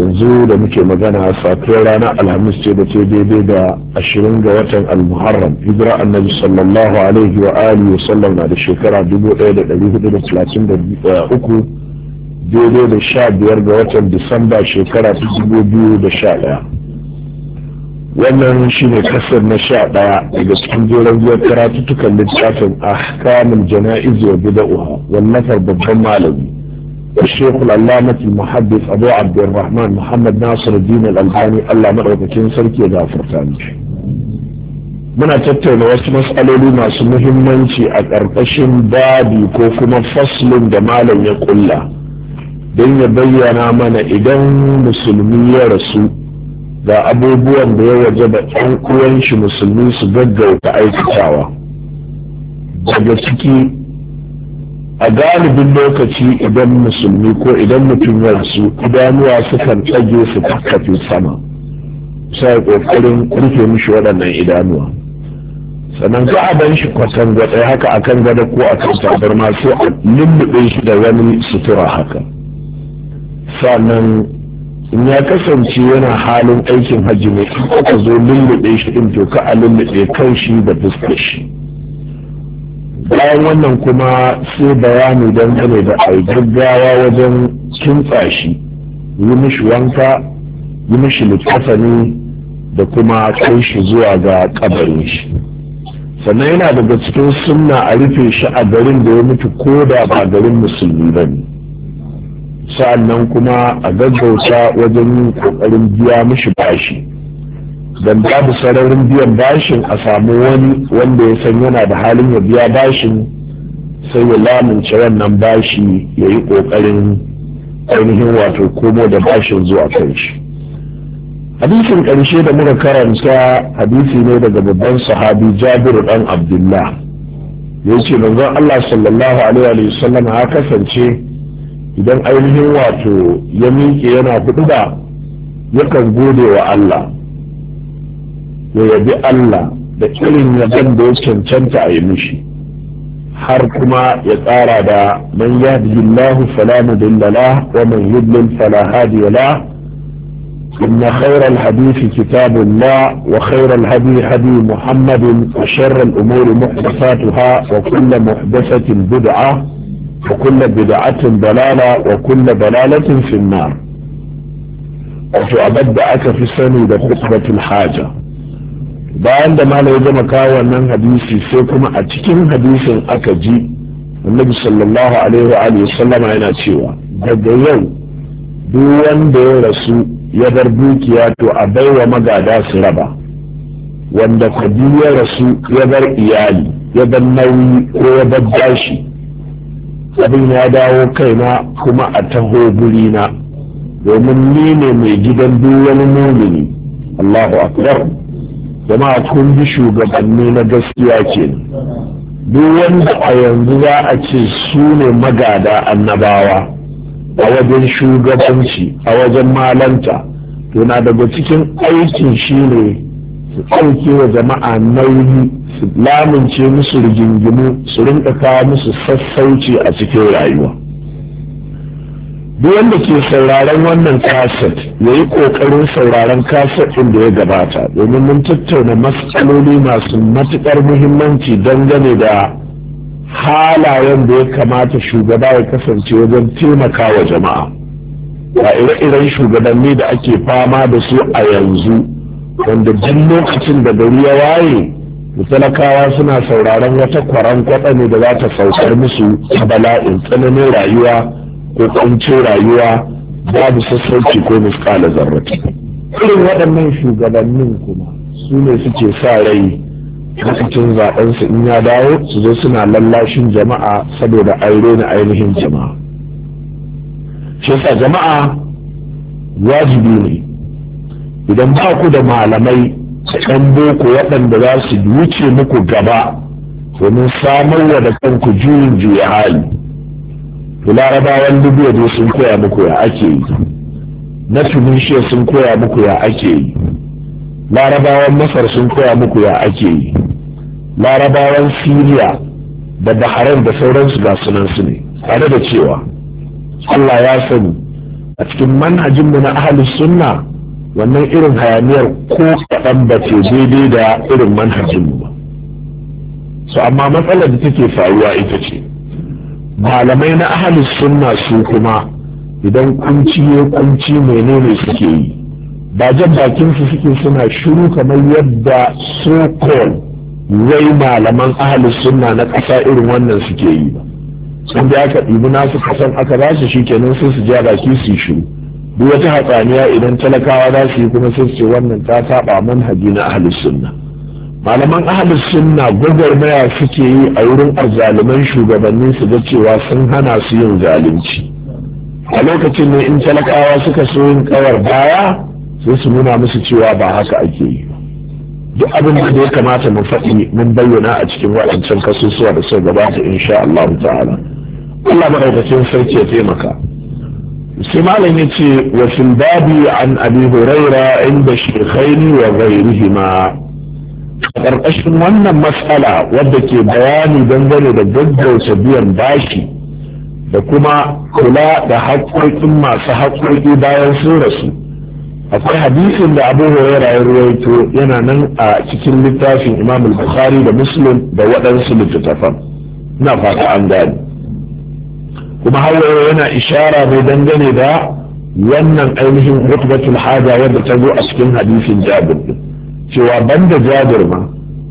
yanzu da muke magana safiyar rana alhamis ce da ce daidai da ashirin ga watan almuharram hijira annabi sallallahu alaihi wa alihi wasallam na da shekara dubu ɗaya da ɗari hudu da talatin da eh, uku daidai da sha biyar ga watan disamba shekara ta dubu biyu da sha ɗaya wannan shi ne kasar na sha ɗaya daga cikin jeron biyar karatuttukan littafin ahkamul jana'iz wa bida'uha wallafar babban malami الشيخ العلامة المحدث أبو عبد الرحمن محمد ناصر الدين الألباني الله مدعوكين سركي غافر muna tattauna wasu matsaloli masu muhimmanci a ƙarƙashin babi ko kuma fasulin da malam ya ƙulla don ya bayyana mana idan musulmi ya rasu ga abubuwan da ya waje da ɗan uwan shi musulmi su gaggauta aikatawa daga ciki a galibin lokaci idan musulmi ko idan mutum ya rasu idanuwa sukan tsage su kakkafe sama sai kokarin rufe mishi waɗannan idanuwa sannan za a ban shi kwatan gwada haka a kan gada ko akan tabarma sai a lullube shi da wani sutura haka sannan in ya kasance yana halin aikin hajji ne in aka zo lullube shi ɗin to ka a lullube kan shi da fuskar bayan wannan kuma sai bayani gane da ai wajen kintsa shi yi mishi wanka yi mishi littafani da kuma kai shi zuwa ga kabarin shi sannan yana daga cikin sunna a rufe shi a garin da ya mutu ko da ba garin musulmi ba ne nan kuma a gaggauta wajen yin kokarin biya mishi bashi dan babu sararin biyan bashin a samu wani wanda ya san yana da halin ya biya bashin sai ya lamunce wannan bashi ya yi ƙoƙarin ainihin wato komo da bashin zuwa kan shi hadisin ƙarshe da muka karanta hadisi ne daga babban sahabi jabiru dan abdullah ya ce manzon allah sallallahu alaihi ha kasance idan ainihin wato ya miƙe yana hudu ba yakan gode wa allah ya yabi Allah da irin yaban da ya cancanta a yi mishi har kuma ya tsara da man yahdihillahu fala mudilla la wa man yudlil fala إن خير الحديث كتاب الله وخير الهدي هدي محمد وشر الأمور محدثاتها وكل محدثة بدعة وكل بدعة ضلالة وكل ضلالة في النار وتؤبد أك في السنة خطبة الحاجة bayan da malamai ya gama kawo wannan hadisi sai kuma a cikin hadisin aka ji annabi sallallahu alaihi wa sallama yana cewa daga yau duk wanda ya rasu ya bar dukiya to a baiwa magada su raba wanda kwadi ya rasu ya bar iyali ya bar nauyi ko ya bar bashi abin ya dawo kaina kuma a taho na, domin ni ne mai gidan duk wani mumini Allahu akbar jama'a kun bi shugabanni na gaskiya ke duk wanda a yanzu za a ce su ne magada annabawa a wajen shugabanci a wajen malanta to na daga cikin aikin shi ne su ɗauke wa jama'a nauyi su lamince musu rigingimu su rinka kawo musu sassauci a cikin rayuwa duk wanda ke sauraron wannan kaset ya yi ƙoƙarin sauraron kaset ɗin da ya gabata domin mun tattauna matsaloli masu matuƙar muhimmanci dangane da halayen da ya kamata shugaba ya kasance wajen taimaka wa jama'a ga ire-iren shugabanni da ake fama da su a yanzu wanda duk lokacin da gari ya waye talakawa suna sauraron wata kwaran kwatsa ne da za ta saukar musu ta bala'in tsananin rayuwa ko rayuwa babu sassauci ko miskala zarrati irin waɗannan shugabannin kuma su ne suke sa rai lokacin zaɓensu in ya dawo su zo suna lallashin jama'a saboda aure na ainihin jama'a shi sa jama'a wajibi ne idan ba ku da malamai da ɗan boko waɗanda za su wuce muku gaba domin samarwa da kanku juyin juya hali to larabawan libya sun koya muku ya ake yi na tunisia sun koya muku ya ake yi larabawan masar sun koya muku ya ake yi larabawan syria da bahrain da sauransu ga sunan su ne tare da cewa allah ya sani a cikin manhajinmu na ahalus sunna wannan irin hayaniyar ko kaɗan ba ce daidai da irin manhajinmu ba so amma matsalar da take faruwa ita ce malamai na ahalus sunna su kuma idan kunci ya kunci menene suke yi ba jan bakin su suke suna shiru kamar yadda so rai wai malaman ahalus sunna na ƙasa irin wannan suke yi ba sun da aka ɗibi nasu kasan aka ba su shikenan sun su ja baki su shiru duk wata hatsaniya idan talakawa za su yi kuma sun ce wannan ta saba manhaji na ahalus sunna malaman ahalus sunna gwagwarmaya suke yi a wurin arzaluman shugabannin su da cewa sun hana su yin zalunci a lokacin ne in talakawa suka so yin kawar baya sai su nuna musu cewa ba haka ake yi duk abin da ya kamata mu faɗi mun bayyana a cikin waɗancan kasusuwa da suka gabata insha Allah ta'ala Allah madaukakin sarki ya taimaka sai malam ya ce wa fil babi an abi huraira inda shaykhaini wa ghayrihima ƙarƙashin wannan matsala wadda ke bayani dangane da gaggauta biyan bashi da kuma kula da haƙƙoƙin masu haƙƙoƙi bayan sun rasu akwai hadisin da abu huraira ya ruwaito yana nan a cikin littafin imam bukhari da muslim da waɗansu littattafan na fata an gani kuma hawaye yana ishara mai dangane da wannan ainihin rukbatul haja wadda ta zo a cikin hadisin jabir din cewa banda jabir ma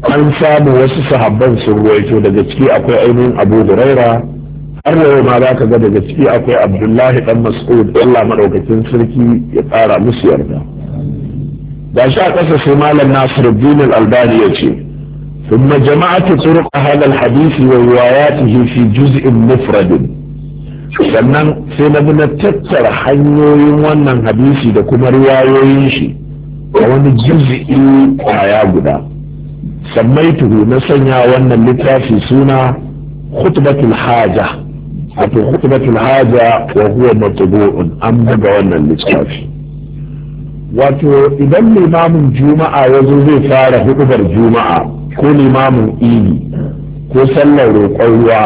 an samu wasu sahabban sun ruwaito daga ciki akwai ainihin abu huraira har yau ma za ka ga daga ciki akwai abdullahi dan mas'ud allah maɗaukakin sarki ya tsara musu yarda da shi a ƙasa sai malam nasiruddin al-albani ya ce ثم جمعت طرق هذا الحديث ورواياته في جزء مفرد sannan sai na bi na tattara hanyoyin wannan hadisi da kuma riwayoyin shi a wani juz'i kwaya guda tuhu na sanya wannan littafi suna khutbatul haja wato khutbatul haja wa huwa matbu'un an buga wannan littafi wato idan limamin juma'a yazo zai fara hudubar juma'a ko limamin idi ko sallar roƙon ruwa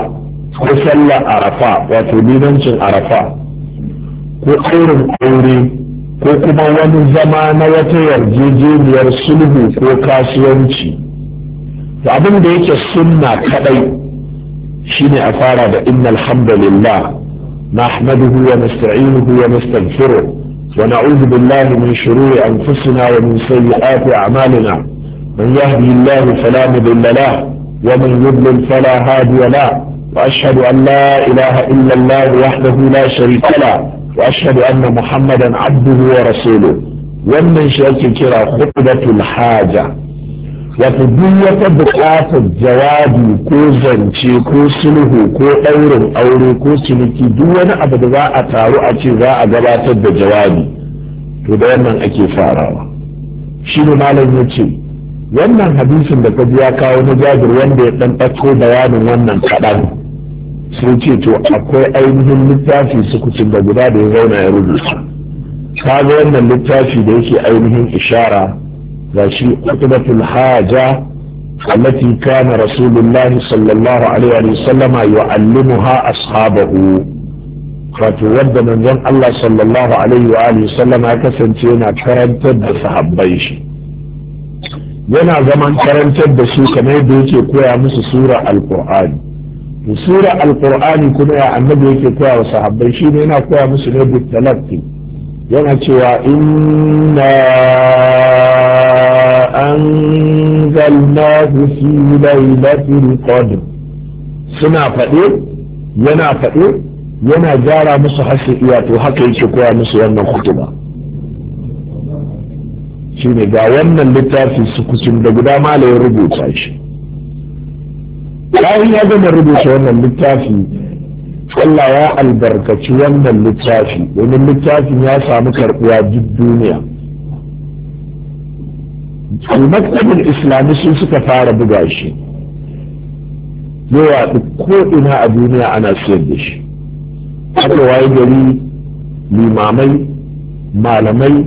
ko sallar arafa wato limancin arafa ko irin aure ko kuma wani zama na wata yarjejeniyar sulhu ko kasuwanci abin da yake sunna kadai shine a fara da inna alhamdulillah نحمده ونستعينه ونستغفره ونعوذ بالله من شرور أنفسنا ومن سيئات أعمالنا من يهدي الله فلا مضل له ومن يضلل فلا هادي له وأشهد أن لا إله إلا الله وحده لا شريك له واشهد ان محمدا عبده ورسوله wannan shi ake kira hudatul haja wato duk wata buƙatar jawabi ko zance ko sulhu ko ɗaurin aure ko ciniki duk wani abu da za a taru a ce za a gabatar da jawabi to da wannan ake farawa shi ne malam ce wannan hadisin da ka ya kawo na jabir wanda ya ɗan ɗauko bayanin wannan kaɗan sun ce to akwai ainihin littafi sukucin da guda da ya zauna ya rubuta kaga wannan littafi da yake ainihin ishara ga shi hutubatul haja allati kana rasulullahi sallallahu alaihi wa sallama yu'allimuha ashabahu wato wadda manzon Allah sallallahu alaihi wa alihi sallama ya kasance yana karantar da sahabbai shi yana zaman karantar da su kamar yadda yake koya musu sura Al-Qur'ani. sura alqur'ani kuma ya annabi yake koya wa sahabbai shi ne yana koya musu ne bi talaqqi yana cewa inna anzalnahu fi lailatul qadr suna faɗe yana faɗe yana gyara musu hasu iya to haka yake koya musu wannan hutuba shine ga wannan littafi su kucin da guda malayin rubuta shi bayan ya gama rubuta wannan littafi Allah ya albarkaci wannan littafi domin littafin ya samu karɓuwa duk duniya almaktabin islami sun suka fara buga shi yawa ko ina a duniya ana siyar da shi haka waye gari limamai malamai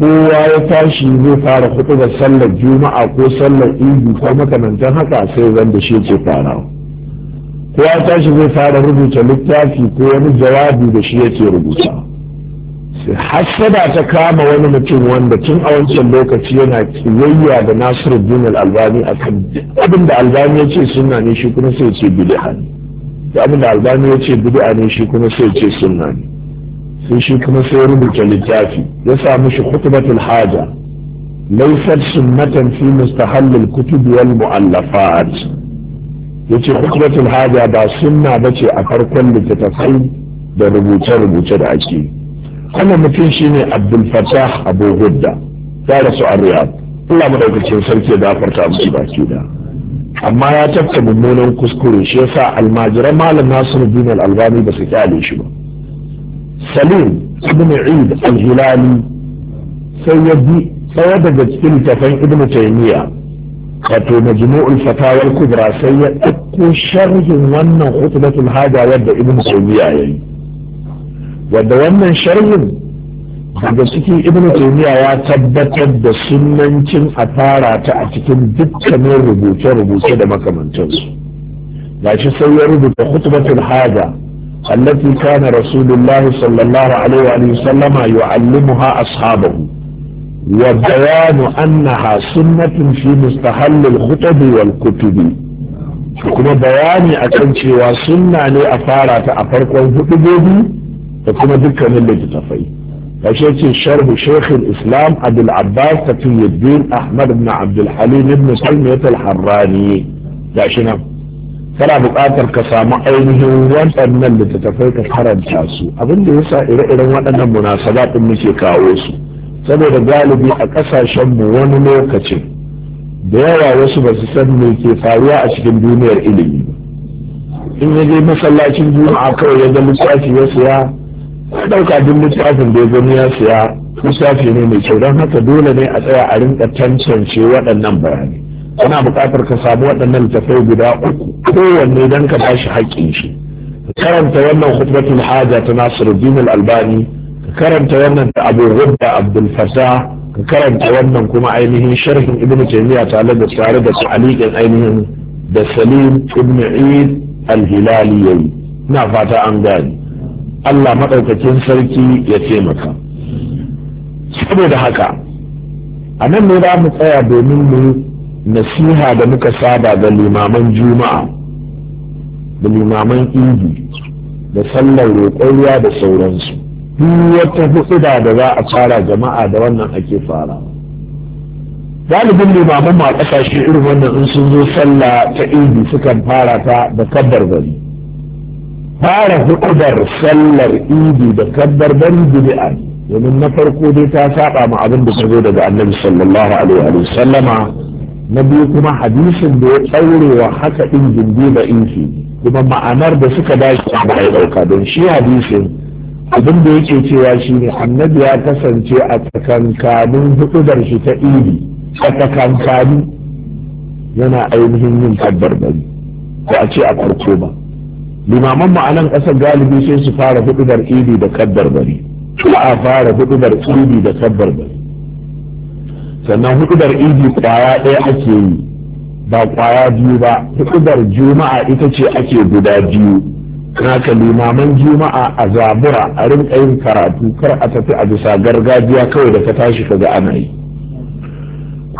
kowa ya tashi zai fara da sallar juma'a ko sallar idi ko makamantan haka sai wanda shi ce fara kowa ya tashi zai fara rubuta littafi ko wani jawabi da shi yake rubuta hassada ta kama wani mutum wanda tun a wancan lokaci yana kiyayya da nasiru al-albani a kan abin da albani ya ce suna ne shi kuma sai ce bid'a ne abin da albani ya ce bid'a ne shi kuma sai ce ne sai shi kuma sai rubuta littafi ya samu shi khutbatul haja laysat sunnatan fi mustahall al kutub wal mu'allafat yace khutbatul haja ba sunna bace a farkon littattafai da rubuce-rubuce da ake kuma mutum shine abdul fatah abu gudda ya rasu a riyadh Allah madaukakin sarki ya gafarta musu baki da amma ya tafka mummunan kuskure shi yasa almajiran malam nasiru bin al-albani ba su kyale shi ba salim ibn eid al sai ya bi daga cikin tafan ibn taymiya wato majmu'ul fatawar kubra sai ya ɗauko sharhin wannan khutbatul haja wadda ibn taymiya yayi wadda wannan sharhin daga cikin ibn taymiya ya tabbatar da sunnancin a fara ta a cikin dukkanin rubuce-rubuce da makamantansu gashi sai ya rubuta khutbatul haja التي كان رسول الله صلى الله عليه وآله وسلم يعلمها أصحابه وبيان أنها سنة في مستحل الخطب والكتب كما بيان أكنش وسنة لأفارة أفرق والخطب وكما ذكر من اللي تتفي فشيتي شرب شيخ الإسلام عبد العباس تقي الدين أحمد بن عبد الحليم بن سلمية الحراني لا شنو kana buƙatar ka samu ainihin waɗannan littattafai ka karanta su abin da yasa ire-iren waɗannan munasabatin muke kawo su saboda galibi a ƙasashenmu wani lokacin da yawa wasu ba su san me ke faruwa a cikin duniyar ilimi in ya je masallacin juma'a kawai ya ga littafi ya siya ya ɗauka duk littafin da ya gani ya siya littafi ne mai kyau don haka dole ne a tsaya a rinka tantance waɗannan bayanai ana buƙatar ka samu waɗannan littattafai guda uku kowanne dan ka bashi haƙƙin shi karanta wannan khutbatul haja ta Nasiruddin al-Albani ka karanta wannan ta Abu Ghudda Abdul Fattah ka karanta wannan kuma ainihin sharhin Ibn Taymiyyah tare da tare da ta'liqin ainihin da Salim Ibn Eid al-Hilali yayi ina fata an gani Allah madaukakin sarki ya taimaka saboda haka a nan ne za mu tsaya domin mu nasiha da muka saba ga limaman juma'a da limaman idi da sallar roƙon ruwa da sauransu duk wata huɗuda da za a fara jama'a da wannan ake fara galibin limaman ma ƙasashe irin wannan in sun zo sallah ta idi sukan fara ta da kabbar gari fara huɗudar sallar idi da kabbar bari bid'a domin na farko dai ta saba ma abin da ta zo daga annabi sallallahu alaihi wa sallama na biyu kuma hadisin da ya tsaure wa haka ɗin gindi da inji kuma ma'anar da suka dace a bai ɗauka don shi hadisin abin da yake cewa shi ne annabi ya kasance a tsakankanin hududar shi ta idi a tsakankani yana ainihin yin kaddar bari ko a ce a farko ba limaman ma'anan ƙasar galibi sai su fara hududar idi da kabbar bari a fara hududar idi da kaddar bari sannan huɗubar idi kwaya ɗaya ake yi ba kwaya biyu ba huɗubar juma'a ita ce ake guda biyu kaka limaman juma'a a zabura a rinka yin karatu kar a tafi a bisa gargajiya kawai da ka tashi kaga ana yi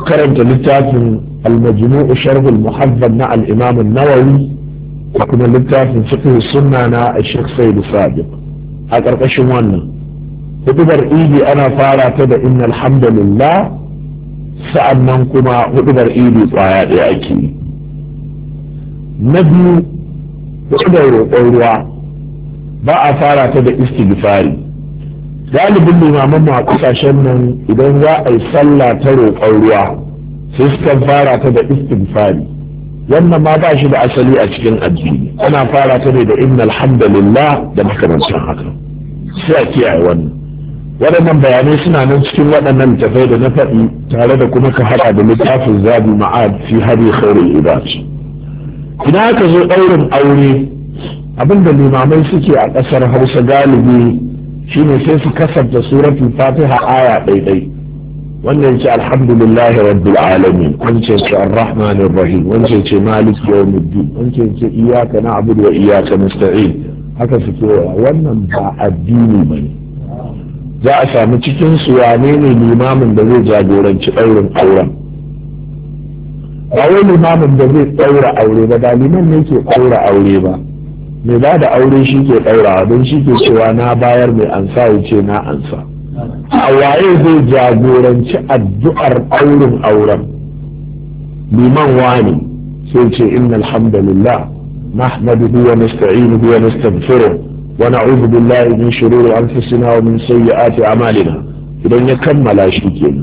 karanta littafin almajmu'u sharhul muhaddath na Alimamin imam nawawi da littafin fiqh sunna na al-sheikh sayyid sabiq a karkashin wannan huɗubar idi ana fara ta da innal hamdalillah sa'annan kuma hudubar ido tsaya ɗaya ake yi na biyu hudubar roƙon ruwa ba a fara ta da istighfari galibin limaman mu a ƙasashen nan idan za a yi sallah ta roƙon ruwa sai suka fara ta da istighfari wannan ma ba shi da asali a cikin addini ana fara ta ne da inna alhamdulillah da makamancin haka sai a kiyaye wannan waɗannan bayanai suna nan cikin waɗannan tafai da na faɗi tare da kuma ka haɗa da littafin zabi ma'ad fi hadi khairul ibad idan aka zo ɗaurin aure abinda limamai suke a ƙasar hausa galibi shine sai su kasafta suratul fatiha aya ɗaiɗai wannan ce alhamdulillahi rabbil alamin wancan ce arrahmanir rahim wancan ce malik yawmiddin wancan ce iyyaka na'budu wa iyyaka nasta'in haka suke wannan ba addini bane za a sami cikin su wane ne limamin da zai jagoranci ɗaurin auren ba wai limamin da zai ɗaura aure ba da liman ne ke ɗaura aure ba mai ba da aure shi ke ɗaura don shi ke cewa na bayar mai ansa ya ce na ansa a waye zai jagoranci addu'ar ɗaurin auren liman wani sai ce inna alhamdulillah nahmaduhu wa nasta'inuhu wa nastaghfiruh ونعوذ بالله من شرور أنفسنا ومن سيئات أعمالنا إذن يكمل شيكين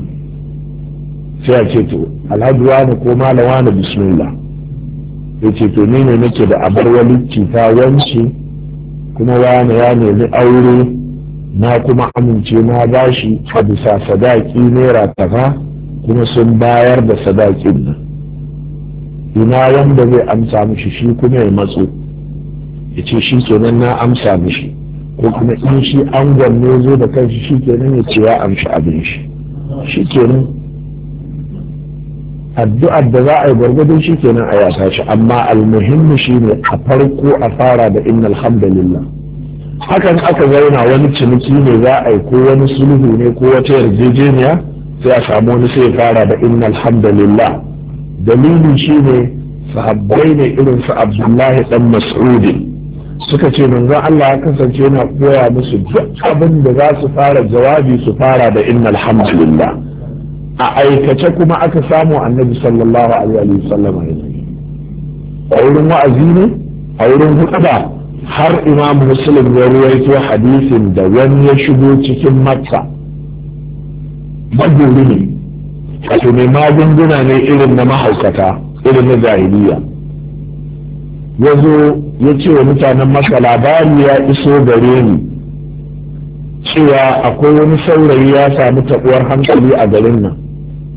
سيأتيتو الحج وانا كوما لوانا بسم الله يتيتو نيني نكد أبر ولدتي تاوانشي كما وانا يعني لأوري na kuma amince na bashi a bisa sadaki naira kaza kuma sun bayar da sadakin nan ina wanda zai amsa mishi shi kuma ya matso ya ce shi kenan na amsa mishi ko kuma in shi ango ne zo da kanshi shi kenan ya ce ya amshi abin shi shi kenan addu'ar da za a yi gwargwadon shi kenan a yasa shi amma almuhimmi shi ne a farko a fara da inna alhamdulillah hakan aka zauna wani ciniki ne za a yi ko wani sulhu ne ko wata yarjejeniya sai a samu wani sai fara da inna alhamdulillah dalilin shi ne sahabbai ne irin su abdullahi dan mas'udin suka ce manzon Allah ya kasance yana koya musu duk abin da za su fara jawabi su fara da innal alhamdulillah. a aikace kuma aka samu annabi sallallahu alaihi wa sallam a wurin wa'azi ne a wurin hudaba har imam muslim ya ruwaito hadisin da wani ya shigo cikin matsa. maguri ne wato mai magunguna ne irin na mahaukata irin na jahiliya ya zo ya ce wa mutanen maka labari ya iso gare ni cewa akwai wani saurayi ya samu taɓuwar hankali a garin nan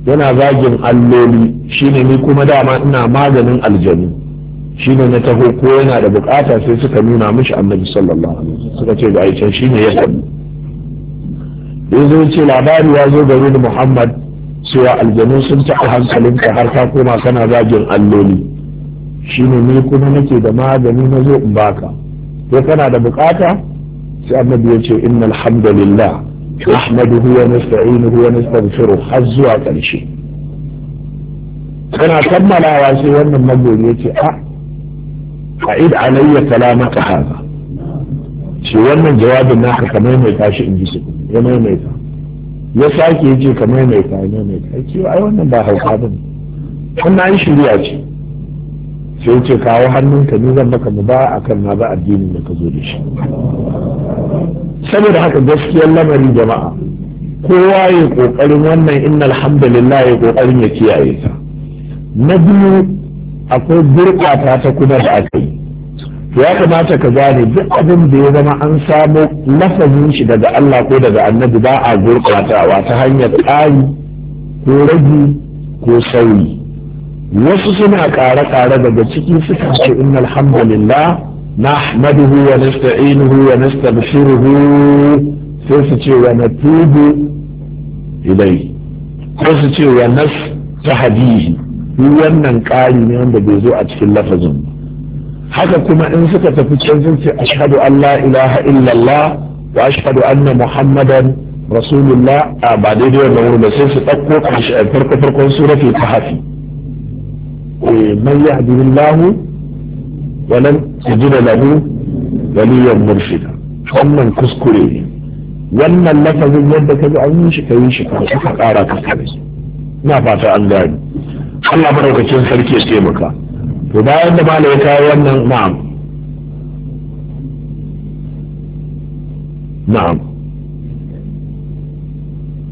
yana zagin alloli shine ni kuma dama ina maganin aljanu shine na taho ko yana da bukata sai suka nuna mishi annabi sallallahu alaihi wasallam suka ce ga aicen shine ya samu yanzu ce labari ya zo gare ni muhammad cewa aljanu sun taɓa hankalinka har ka koma kana zagin alloli shine ne kuma nake da magani na zo in baka ko kana da bukata sai annabi ya ce innal hamdalillah nahmaduhu wa nasta'inuhu wa nastaghfiruh har zuwa karshe kana kammalawa sai wannan magoyi ya a, a a'id alayya kalamaka hadha shi wannan jawabin naka ka maimaita shi in ji su ya maimaita ya sake ya ce ka maimaita ya maimaita ya ce ai wannan ba hausa ba ne wannan ai shirya ce sai ce kawo hannunka ni zan maka mu ba akan na ba addinin da ka zo da shi saboda haka gaskiyar lamari jama'a kowa ya kokarin wannan inna alhamdulillah ya kokarin ya kiyaye ta na biyu akwai gurɓata ta kuma da aka yi ya kamata ka gane duk abin da ya zama an samo lafazin shi daga Allah ko daga annabi ba a gurɓatawa ta hanyar ƙari ko ragi ko sauyi wasu suna ƙare-ƙare daga ciki suka ce inna alhamdulillah nahmaduhu wa nasta'inuhu wa nastaghfiruhu sai su ce wa natubu ilai sai su ce wa nastahdihi wannan ƙari ne wanda bai zo a cikin lafazin haka kuma in suka tafi can sun ce ashhadu an la ilaha illallah wa ashhadu anna muhammadan rasulullah a ba daidai wannan wurin ba sai su ɗauko farko farkon suratul kahfi من يهدي الله ولن تجد له وليا مرشدا wannan kuskure ne wannan lafazin yadda ka ji an yi shi ka yi shi kuma suka kara ka kare ina fata an gani Allah maraukakin sarki ya taimaka to bayan da malai ya kawo wannan na'am na'am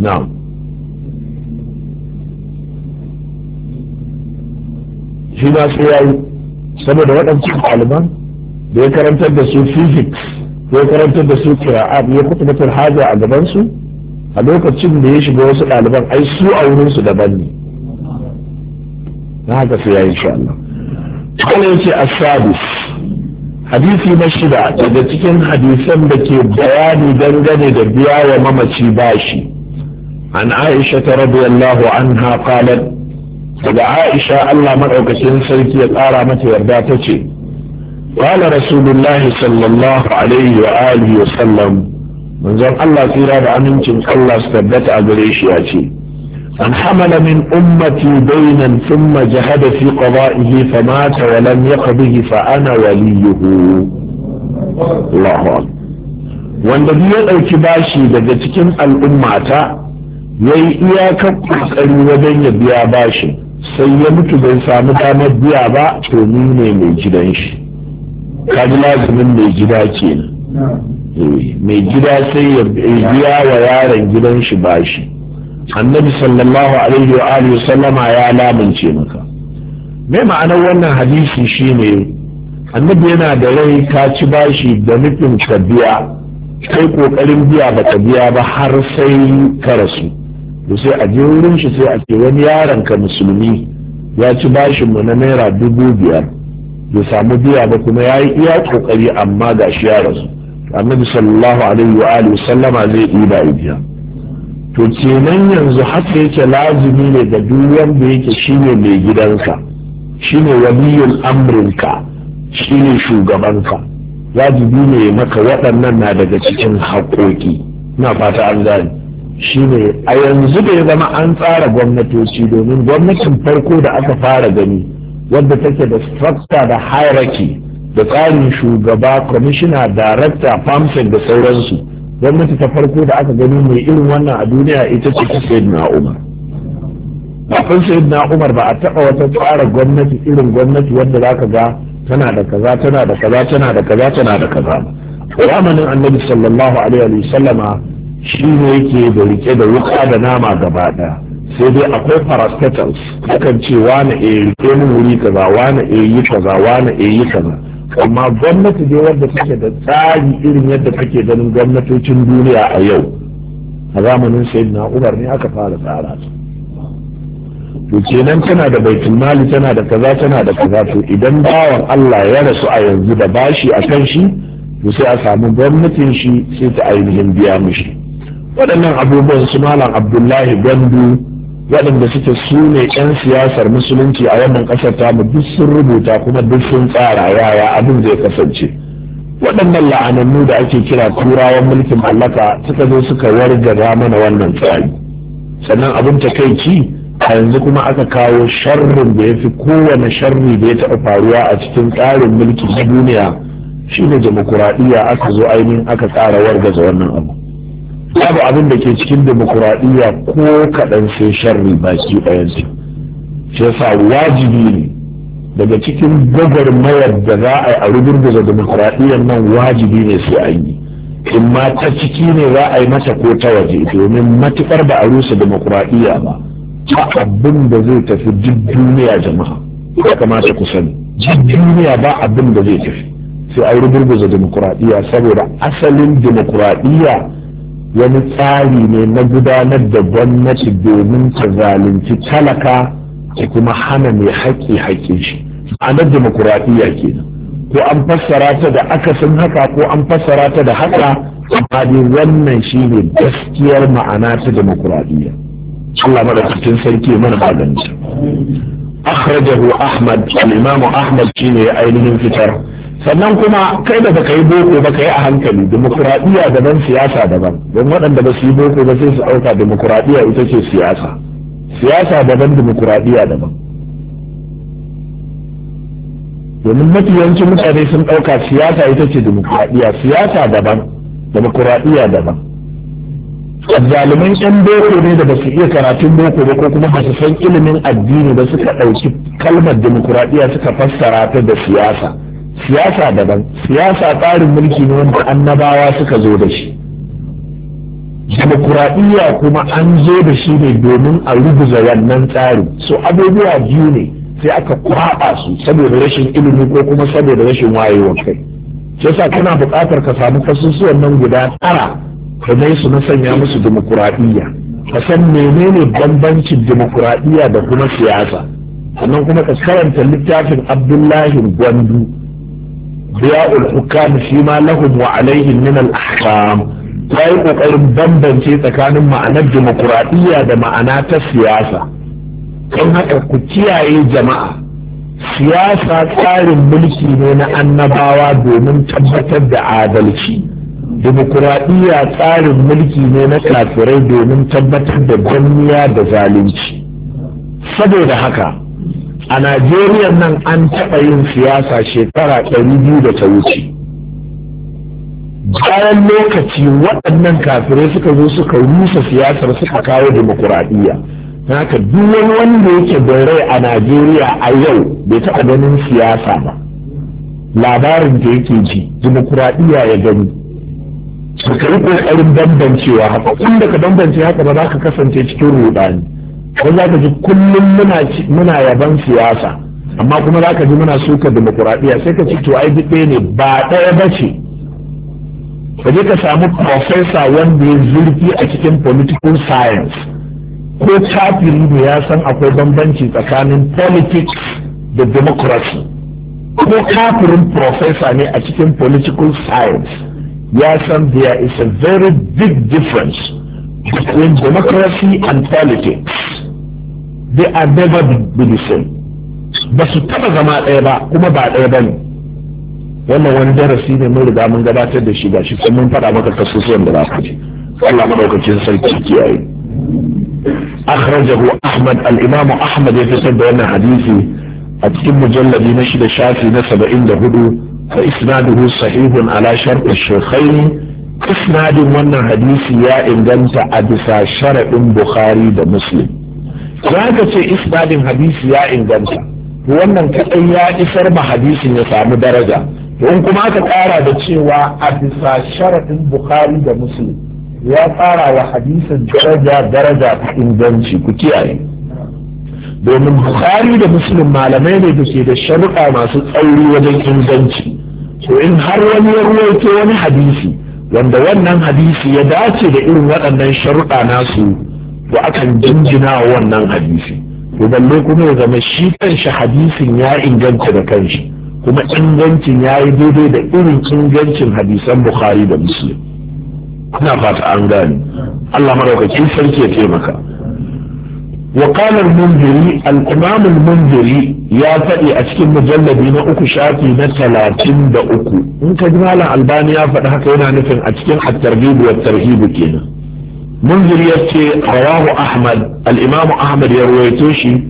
na'am shi ma sai ya yi saboda waɗancan ɗaliban da ya karantar da su physics ya karantar da su kira'at ya kutubatar haja a gabansu a lokacin da ya shiga wasu ɗaliban ai su a wurinsu daban ne na haka sai ya yi insha Allah kana ya ce asabis hadisi na shida daga cikin hadisan da ke bayani dangane da biya wa mamaci bashi an aisha ta radiyallahu anha qalat daga aisha allah maɗaukacin sarki ya ƙara mata yarda ta ce wala rasulullah sallallahu alaihi wa wa sallam manzon allah tsira da amincin allah su tabbata a gare ce an hamala min ummati bainan thumma jahada fi qada'ihi fa mata wa lam yaqdihi fa ana waliyuhu Allahu wanda duk ya ɗauki bashi daga cikin al'ummata yayi iyakar kokari wajen ya biya bashi. sai ya mutu bai samu damar biya ba to ni ne mai gidan shi kaji lazumin mai gida kenan eh, mai gida sai ya biya wa yaron gidan shi bashi annabi sallallahu alaihi wa alihi sallama ya lamunce maka mai ma'anar wannan hadisi shine annabi yana da rai ka ci bashi da nufin ka biya kai kokarin biya ba ka biya ba har sai ka rasu da sai a je wurin shi sai a ce wani yaron ka musulmi ya ci bashin mu na naira dubu biyar bai samu biya ba kuma ya yi iya kokari amma ga shi ya rasu annabi sallallahu alaihi wa alihi sallama zai ɗiba biya to kenan yanzu haka yake lazumi ne ga duk wanda yake shine mai gidansa shine waliyul amrinka shine shugabanka wajibi ne maka waɗannan na daga cikin haƙoƙi na fata an gani shine a yanzu da ya zama an tsara gwamnatoci domin gwamnatin farko da aka fara gani wadda take da structure da hierarchy da tsarin shugaba kwamishina darakta pamphlet da sauransu gwamnati ta farko da aka gani mai irin wannan a duniya ita ce ta na umar kafin na umar ba a taba wata tsara gwamnati irin gwamnati wadda zaka ga tana da kaza tana da kaza tana da kaza tana da kaza zamanin annabi sallallahu alaihi wa sallama shi ne yake da rike da wuka da nama gaba daya sai dai akwai parastatals akan ce wane e rike mu wuri kaza wane a eh, yi kaza wane a eh, yi kaza amma gwamnati dai wanda take da tsari irin yadda take ganin gwamnatocin duniya a yau a zamanin sai umar ne aka fara tsara su to kenan tana da baitul mali tana da kaza tana da kaza to idan bawan Allah ya rasu a yanzu da bashi a kan shi to sai a samu gwamnatin shi sai ta ainihin biya mishi waɗannan abubuwan su malam abdullahi gandu waɗanda suke su ne 'yan siyasar musulunci a wannan ƙasar ta mu duk sun rubuta kuma duk sun tsara yaya abin zai kasance waɗannan la'anannu da ake kira turawan mulkin mallaka suka zo suka wargaza mana wannan tsari sannan abin takaici a yanzu kuma aka kawo sharrin da ya fi kowane sharri da ya taɓa faruwa a cikin tsarin mulki na duniya shine demokuraɗiyya aka zo ainihin aka tsara wargaza wannan abu babu abin da ke cikin demokuraɗiyya ko kaɗan sai sharri baki ɗayansu shi yasa wajibi ne daga cikin gwagwarmayar da za a yi a rugurguza demokuraɗiyyar nan wajibi ne sai an yi in ma ta ciki ne za a yi mata ko ta waje domin matuƙar ba a rusa demokuraɗiyya ba ta abin da zai tafi duk duniya jama'a ya kamata ku sani duk duniya ba abin da zai tafi sai a yi rugurguza demokuraɗiyya saboda asalin demokuraɗiyya wani tsari ne na gudanar da gwamnati domin ta zalunci talaka ta kuma hana mai haƙƙi haƙƙin shi ma'anar demokuraɗiyya kenan ko an fassara ta da akasin haka ko an fassara ta da haka amma dai wannan shi ne gaskiyar ma'ana ta demokuraɗiyya Allah madaukakin sarki mana magance akhrajahu ahmad al-imamu ahmad shine ainihin fitar sannan kuma kai da baka yi boko ba ka yi a hankali demokuraɗiyya daban siyasa daban don waɗanda ba su yi boko ba sai su ɗauka demokuraɗiyya ita ce siyasa siyasa daban demokuraɗiyya daban domin mafi yawancin mutane sun ɗauka siyasa ita ce demokuraɗiyya siyasa daban demokuraɗiyya daban zalimin yan boko ne da ba su iya karatun boko ba ko kuma ba su san ilimin addini ba suka ɗauki kalmar demokuraɗiyya suka fassara ta da siyasa siyasa daban siyasa tsarin mulki ne wanda annabawa suka zo da shi demokuraɗiyya kuma an zo da shi ne domin a rubuza wannan tsari so abubuwa biyu ne sai aka kwaɓa su saboda rashin ilimi ko kuma saboda rashin wayewar kai yasa kana buƙatar ka samu kasusuwan nan guda tara ka mai su na sanya musu demokuraɗiyya ka san menene bambancin demokuraɗiyya da kuma siyasa sannan kuma ka karanta littafin abdullahi gwandu biya'ul hukam shi ma lahum wa alaihim min ya yi kokarin bambance tsakanin ma'anar demokuraɗiyya da ma'ana ta siyasa don haka ku kiyaye jama'a siyasa tsarin mulki ne na annabawa domin tabbatar da adalci demokuraɗiyya tsarin mulki ne na kafirai domin tabbatar da gwamniya da zalunci saboda haka a najeriya nan an taɓa yin siyasa shekara ɗari biyu da ta wuce bayan lokaci waɗannan kafirai suka zo suka rusa siyasar suka kawo demokuraɗiyya haka duk wani wanda yake da rai a najeriya a yau bai taɓa ganin siyasa ba labarin da yake ji demokuraɗiyya ya gani ka yi ƙoƙarin bambancewa haka inda ka bambance haka ba za ka kasance cikin ruɗani ko za ka ji kullum muna yaban siyasa amma kuma za ka ji muna suka demokuraɗiyya sai ka ci to ai duk ne ba ɗaya ba ce ka je ka samu profesa wanda ya zurfi a cikin political science ko kafiri ne ya san akwai bambanci tsakanin politics da democracy ko kafirin profesa ne a cikin political science ya san there is a very big difference between democracy and politics they are never be the same ba su taba zama ɗaya ba kuma ba ɗaya ba ne wannan wani darasi ne mun riga mun gabatar da shi ga shi sai mun faɗa maka kasusuwan da za ku ji Allah madaukakin sarki kiyaye akhrajahu ahmad al-imam ahmad ya fitar da wannan hadisi a cikin mujalladi na shida shafi na 74 fa isnaduhu sahihun ala shart ash-shaykhayn isnadin wannan hadisi ya inganta a bisa sharadin bukhari da muslim za ka ce isnadin hadisi ya inganta wannan kaɗai ya isar ma hadisin ya samu daraja in kuma aka ƙara da cewa a bisa sharaɗin bukhari da muslim ya ƙara wa hadisin daraja daraja ta inganci ku kiyaye domin bukhari da muslim malamai ne da ke da sharuɗa masu tsauri wajen inganci to in har wani ya ruwaito wani hadisi wanda wannan hadisi ya dace da irin waɗannan sharuɗa nasu wa akan jinjina wannan hadisi to balle kuma ya zama shi kanshi hadisin ya inganta da kanshi kuma ingancin ya yi daidai da irin ingancin hadisan bukhari da muslim ina fata an gane allah maraukakin sarki ya taimaka wa kalar munziri al'umamun ya faɗi a cikin mujallabi na uku shafi na talatin da uku in ka ji malam albani ya faɗi haka yana nufin a cikin at-tarhibu tarhibu kenan منذر يبكي رواه أحمد الإمام أحمد يرويتوشي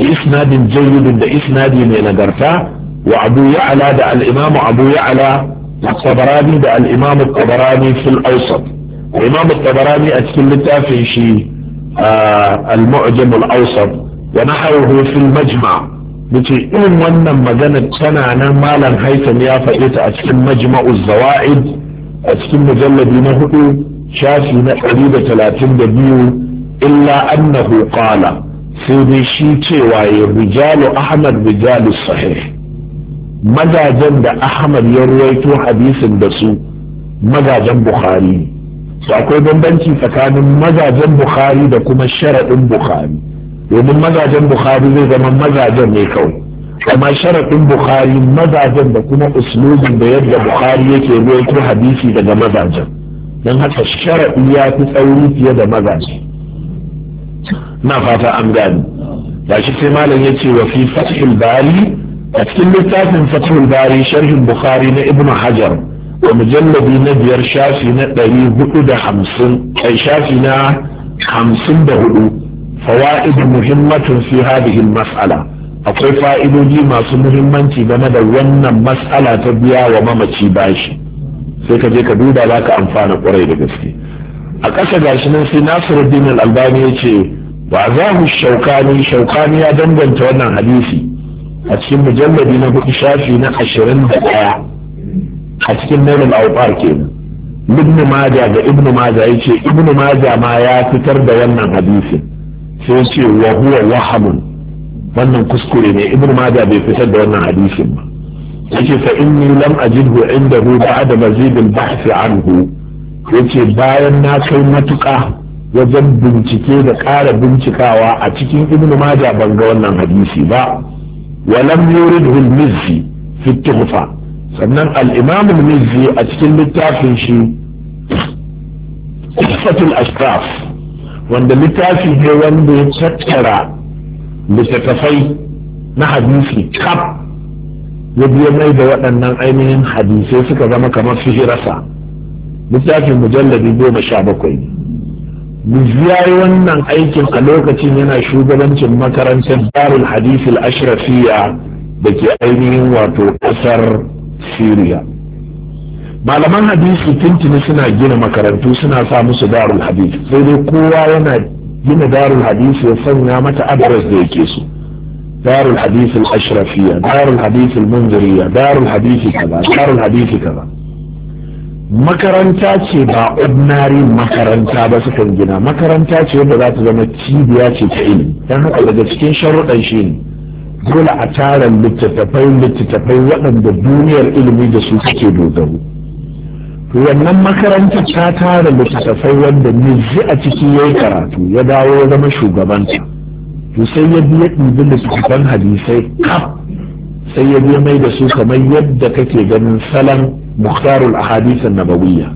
إسناد جيد ده إسناد من نجرتا وأبو يعلى ده الإمام أبو يعلى الطبراني ده الإمام الطبراني في الأوسط الإمام الطبراني أتكلم في شيء آه المعجم الأوسط ونحوه في المجمع بتي إن ون مجنة سنة أنا مالا هيثم يا فإيت أتكلم مجمع الزوائد أتكلم zawa'id a shafi na ɗari da talatin da biyu illa annahu qala sai dai shi cewa ya rijalu ahmad rijalu sahih mazajen da ahmad ya ruwaito hadisin da su mazajen bukhari su akwai bambanci tsakanin mazajen bukhari da kuma sharaɗin bukhari domin mazajen bukhari zai zama mazajen ne kawai amma sharaɗin bukhari mazajen da kuma uslubin da yadda bukhari yake ruwaito hadisi daga mazajen don haka sharaɗi ya fi tsauri fiye da mazaje na fata an gani ba shi sai malam ya ce wa fi fathul bari a cikin littafin fathul bari sharhin bukhari na ibnu hajar wa mujalladi na biyar shafi na ɗari hudu da hamsin kai shafi na hamsin da hudu fawa'id muhimmatun fi hadhihi mas'ala akwai fa'idoji masu muhimmanci game da wannan mas'ala ta biya wa mamaci bashi sai ka je ka duba za ka amfana kwarai da gaske a ƙasa gashi nan sai nasiruddin al-albani ya ce wa zahu shaukani shaukani ya danganta wannan hadisi a cikin mujalladi na hudu shafi na ashirin da ɗaya a cikin nailul awqar kenan ibn maja ga ibn maja yace ibn maja ma ya fitar da wannan hadisin sai ce wa huwa wahamun wannan kuskure ne ibn maja bai fitar da wannan hadisin ba yace fa inni lam ajidhu indahu ba'da mazid al-bahth anhu yace bayan na kai matuka wajen bincike da ƙara bincikawa a cikin ibnu majah ban ga wannan hadisi ba wa lam yuridhu al-mizzi fi sannan al-imam al-mizzi a cikin littafin shi tuhfatul ashraf wanda littafi ne wanda ya tattara littattafai na hadisi kaf ya biya mai da waɗannan ainihin hadisai suka zama kamar su hirasa littafin mujallabi goma sha bakwai ya yi wannan aikin a lokacin yana shugabancin makarantar darul hadisul ashrafiya da ke ainihin wato ƙasar syria malaman hadisi tuntuni suna gina makarantu suna sa musu darul hadis sai dai kowa yana gina darul hadisi ya sanya mata adres da yake so دار الحديث الأشرفية دار الحديث المنذرية دار الحديث كذا دار الحديث kaza. makaranta ce ba ordinary makaranta ba sukan gina makaranta ce wadda za ta zama cibiya ce ta ilimi don haka daga cikin sharuɗan shi ne dole a tara littattafai littattafai waɗanda duniyar ilimi da su suke dogaro wannan makarantar ta tara littattafai wanda miji a ciki ya yi karatu ya dawo zama shugabanta to sai ya biya ɗibin littattafan hadisai kaf sai ya biya mai da su kamar yadda kake ganin salon muhtarul ahadith nabawiyya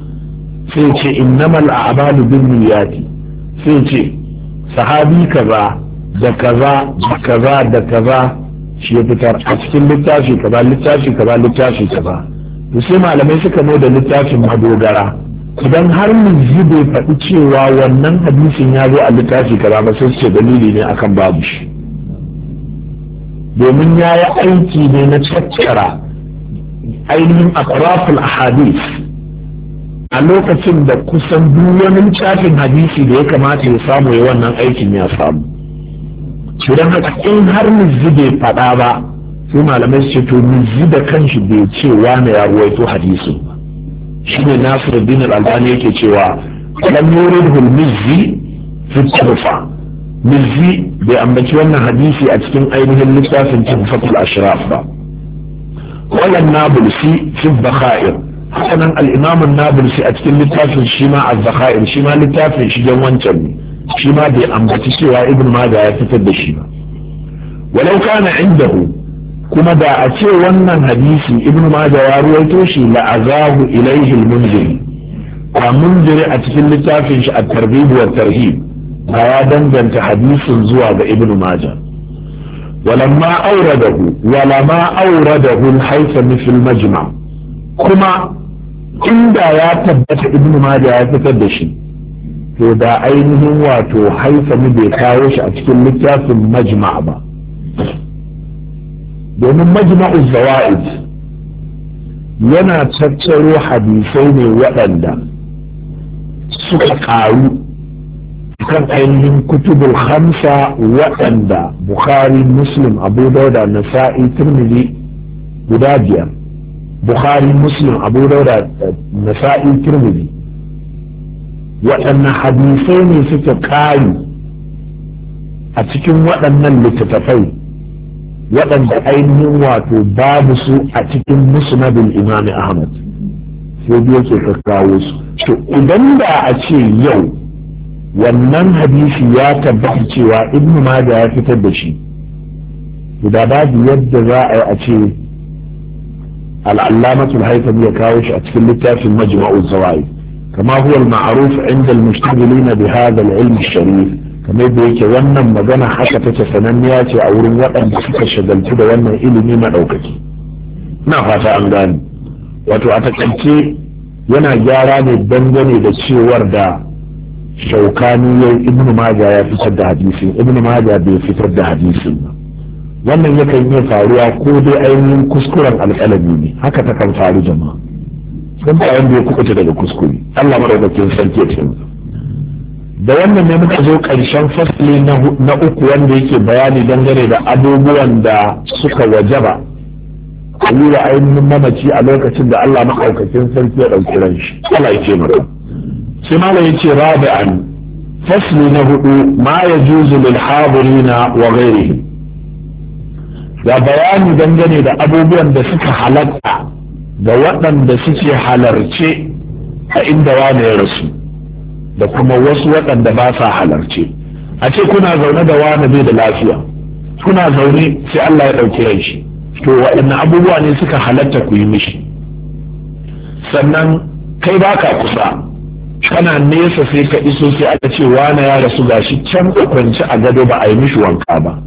sai ce innamal a'malu binniyati sai ce sahabi kaza da kaza da kaza da kaza shi ya fitar a cikin littafi kaza littafi kaza littafi kaza to sai malamai suka mai da littafin madogara idan har mulki bai faɗi cewa wannan hadisin ya zo a littafi kaza ba sai ce dalili ne akan babu shi domin ya yi aiki ne na cakkara ainihin a hadis, a lokacin da kusan duk wani littafin hadisi da ya kamata ya samu ya wannan aikin ya samu idan haka in har mulki bai faɗa ba sai malamai su ce to mulki da kanshi bai ce wane ya ruwaito hadisin ba shine Nasir bin al-Albani yake cewa lam yuridhu al-Mizzi fi tufa Mizzi bai ambaci wannan hadisi a cikin ainihin littafin Tuhfatul Ashraf ba wala nabulsi fi Bakhair haka al-Imam an a cikin littafin shi ma az-Zakhair shi ma littafin shi dan wancan ne shi ma bai ambaci cewa Ibn maga ya fitar da shi ba walau kana indahu kuma da a ce wannan hadisi ibnu maja ya ruwaito shi la azahu ilaihi al-munziri a munziri a cikin littafin shi at-targhib wa tarhib ba ya danganta hadisin zuwa ga ibnu maja ولما أورده ولما أورده الهيثم في المجمع كما عند يا تبت ابن ماجه da shi, to da ainihin wato haifami bai kawo shi a cikin littafin majma ba domin majma'u zawa'id yana tattaro hadisai ne waɗanda suka ƙaru kan ainihin kutubul hamsa waɗanda bukhari muslim abu dauda sa'i turmizi guda biyar bukhari muslim abu dauda sa'i turmizi waɗanne hadisai ne suke ƙari a cikin waɗannan littattafai waɗanda ainihin wato babu su a cikin musnadul imam ahmad sai biyo ke kakkawo su to idan da a ce yau wannan hadisi ya tabbata cewa ibnu maja ya fitar da shi da babu yadda za a yi a ce العلامة الهيثمي يكاوش أتكلم التافي مجمع الزوائد كما هو المعروف عند المشتغلين بهذا العلم الشريف kamar da yake wannan magana haka take sananniya ce a wurin waɗanda suka shagaltu da wannan ilimi maɗaukaki na fata an gane wato a takaice yana gyara ne dangane da cewar da shaukani ya maja ya fitar da hadisin ibn maja bai fitar da hadisin ba wannan yakan iya faruwa ko dai ainihin kuskuren alƙalami ne haka takan faru jama'a Sun ba wanda ya kuɓuta daga kuskure Allah maɗaukakin sarki ya ce da wannan ne muka zo ƙarshen fasali na uku wanda yake bayani dangane da abubuwan da suka wajaba a yi wa ainihin mamaci a lokacin da Allah maɗaukakin sarki ya ɗauki ran shi Allah ya ce maka sai malam yace rabi'an fasli na hudu ma ya lil hadirina wa ghairihi da bayani dangane da abubuwan da suka halatta ga waɗanda suke halarce a inda wani ya rasu da kuma wasu waɗanda ba sa halarce a ce kuna zaune da wani bai da lafiya kuna zaune sai Allah ya ɗauki ran shi to waɗanne abubuwa ne suka halatta ku yi mishi sannan kai ba ka kusa kana nesa sai ka iso sai aka ce wani ya rasu shi can kwance a gado ba a yi mishi wanka ba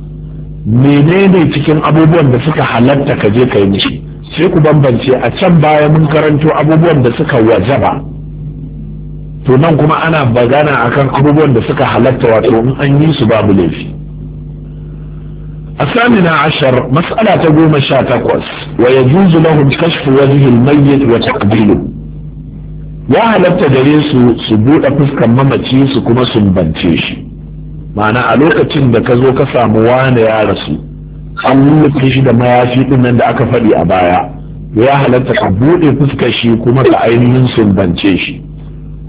menene cikin abubuwan da suka halatta ka je ka yi mishi sai ku bambance a can baya mun karanto abubuwan da suka wajaba to nan kuma ana bagana akan abubuwan da suka halatta wato in an yi su babu laifi الثامنة عشر مسألة تقوم الشاتكوس ويجوز لهم كشف وجه الميت وتقبيله su هلبت جريسو سبوء فسكا ممتي سكما سنبنتيش معنى ألوكا تند كزو كسام وانا يا رسول Allah ta shi da mayafi din nan da aka faɗi a baya ya halatta ka buɗe fuska shi kuma ka ainihin sumbance shi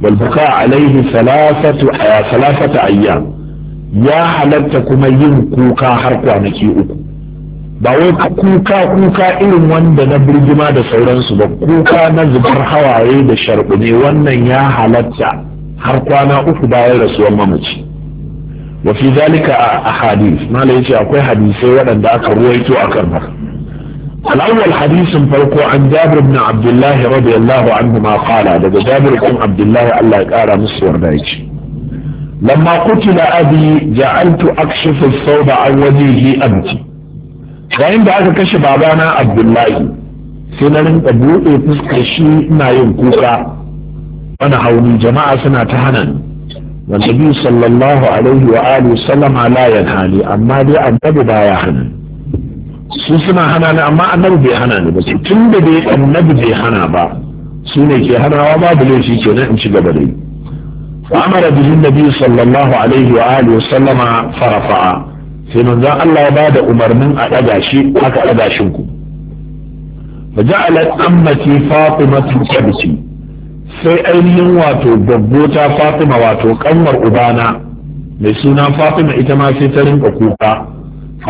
والبكاء عليه ثلاثة ثلاثة ya halatta kuma yin kuka har kwanaki uku. ba wai kuka kuka irin wanda na birgima da sauransu ba kuka na zubar hawaye da ne wannan ya halatta har kwana uku bayan rasuwar mamaci wa fi zalika a hadis yace akwai hadisai waɗanda aka ruwaito akan haka الأول حديث فرقه عن جابر بن عبد الله رضي الله عنهما قال هذا جابر بن عبد الله الله قال مصر دايش لما قتل أبي جعلت أكشف الثوب عن وجهه أبكي فإن بعد كشف أبانا عبد الله سنن أبوء تسكشي ما ينكوكا وأنا حولي جماعة سنة تهنن والنبي صلى الله عليه وآله وسلم لا ينهاني أما لي أنت بدا يحنن su suna hana ni amma annabi bai hana ni ba su tun da dai annabi bai hana ba su ne ke hanawa babu laifi kenan in ci gaba da yi fa'amara bihin nabi sallallahu alaihi wa alihi wa sallama farafa'a sai manzon Allah ya bada umarnin a daga shi aka daga shin ku faja'alat ammati fatima tabti sai ainihin wato gaggota fatima wato kanwar ubana mai suna fatima ita ma sai ta rinka kuka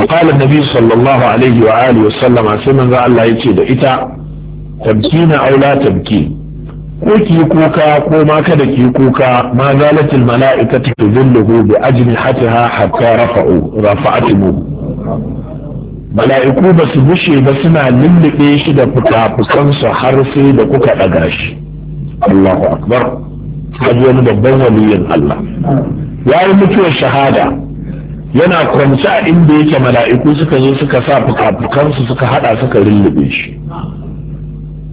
وقال النبي صلى الله عليه وآله وسلم سمن ذا الله يتي دا إتا تبكين أو لا تبكين وكي كوكا كوما كدا كي كوكا ما زالت الملائكة تذله بأجنحتها حتى رفعوا رفعتموه mala'iku ba su bushe ba suna lullube shi da fuka-fukansa har sai da kuka ɗaga shi Allahu akbar wani babban waliyin Allah ya yi mutuwar shahada yana kwance a inda yake mala'iku suka zo suka sa fuka fukafukansu suka hada suka lullube shi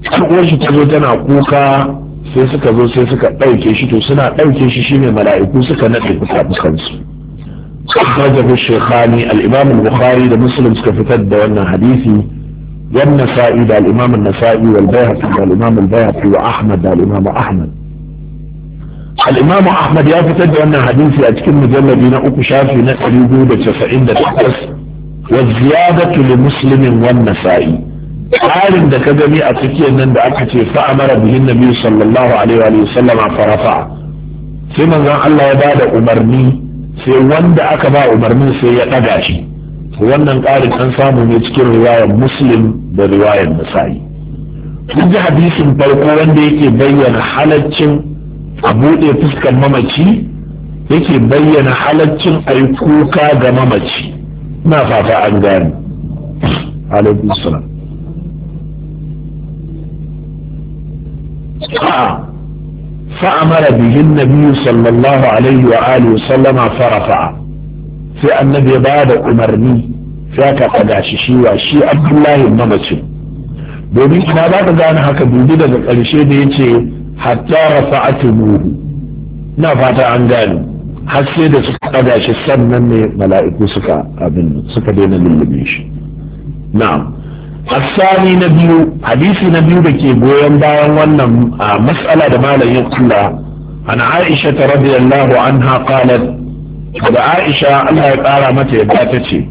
har shi ta zo tana kuka sai suka zo sai suka ɗauke shi to suna ɗauke shi shine mala'iku suka naɗe fukafukansu أخرجه الشيخان الإمام البخاري لمسلم كفتد وأن حديثي والنسائي الإمام النسائي والبيهقي الإمام البيهقي al-imam ahmad al-imamu ahmad ya fitar da wannan hadisi a cikin mujallabi na uku shafi na 298 wa ziyadatu li muslimin wan nasa'i tsarin da ka gani a tsakiyar nan da aka ce fa mara bihin nabi sallallahu alaihi wa sallam farafa sai manzon Allah ya da umarni sai wanda aka ba umarnin sai ya ɗaga shi wannan ƙarin an samu ne cikin riwaya muslim da riwayar nasa'i duk hadisin farko wanda yake bayyana halaccin a buɗe fuskar mamaci yake bayyana halaccin a yi kuka ga mamaci na fata an gani alaikun salam فأمر به النبي wa الله عليه وآله وسلم فرفع في النبي umarni أمرني فيك قد عششي shi عبد الله بن مسعود domin ina ba ka gane haka dubi daga ƙarshe da ya ce hatta rafa'atuhu na fata an gane har sai da suka ɗaga shi sannan ne mala'iku suka abin suka daina lullube shi na'am asali na biyu hadisi na biyu da ke goyon bayan wannan a matsala da malamin kula an aisha ta radiyallahu anha qalat da aisha Allah ya mata yadda ta ce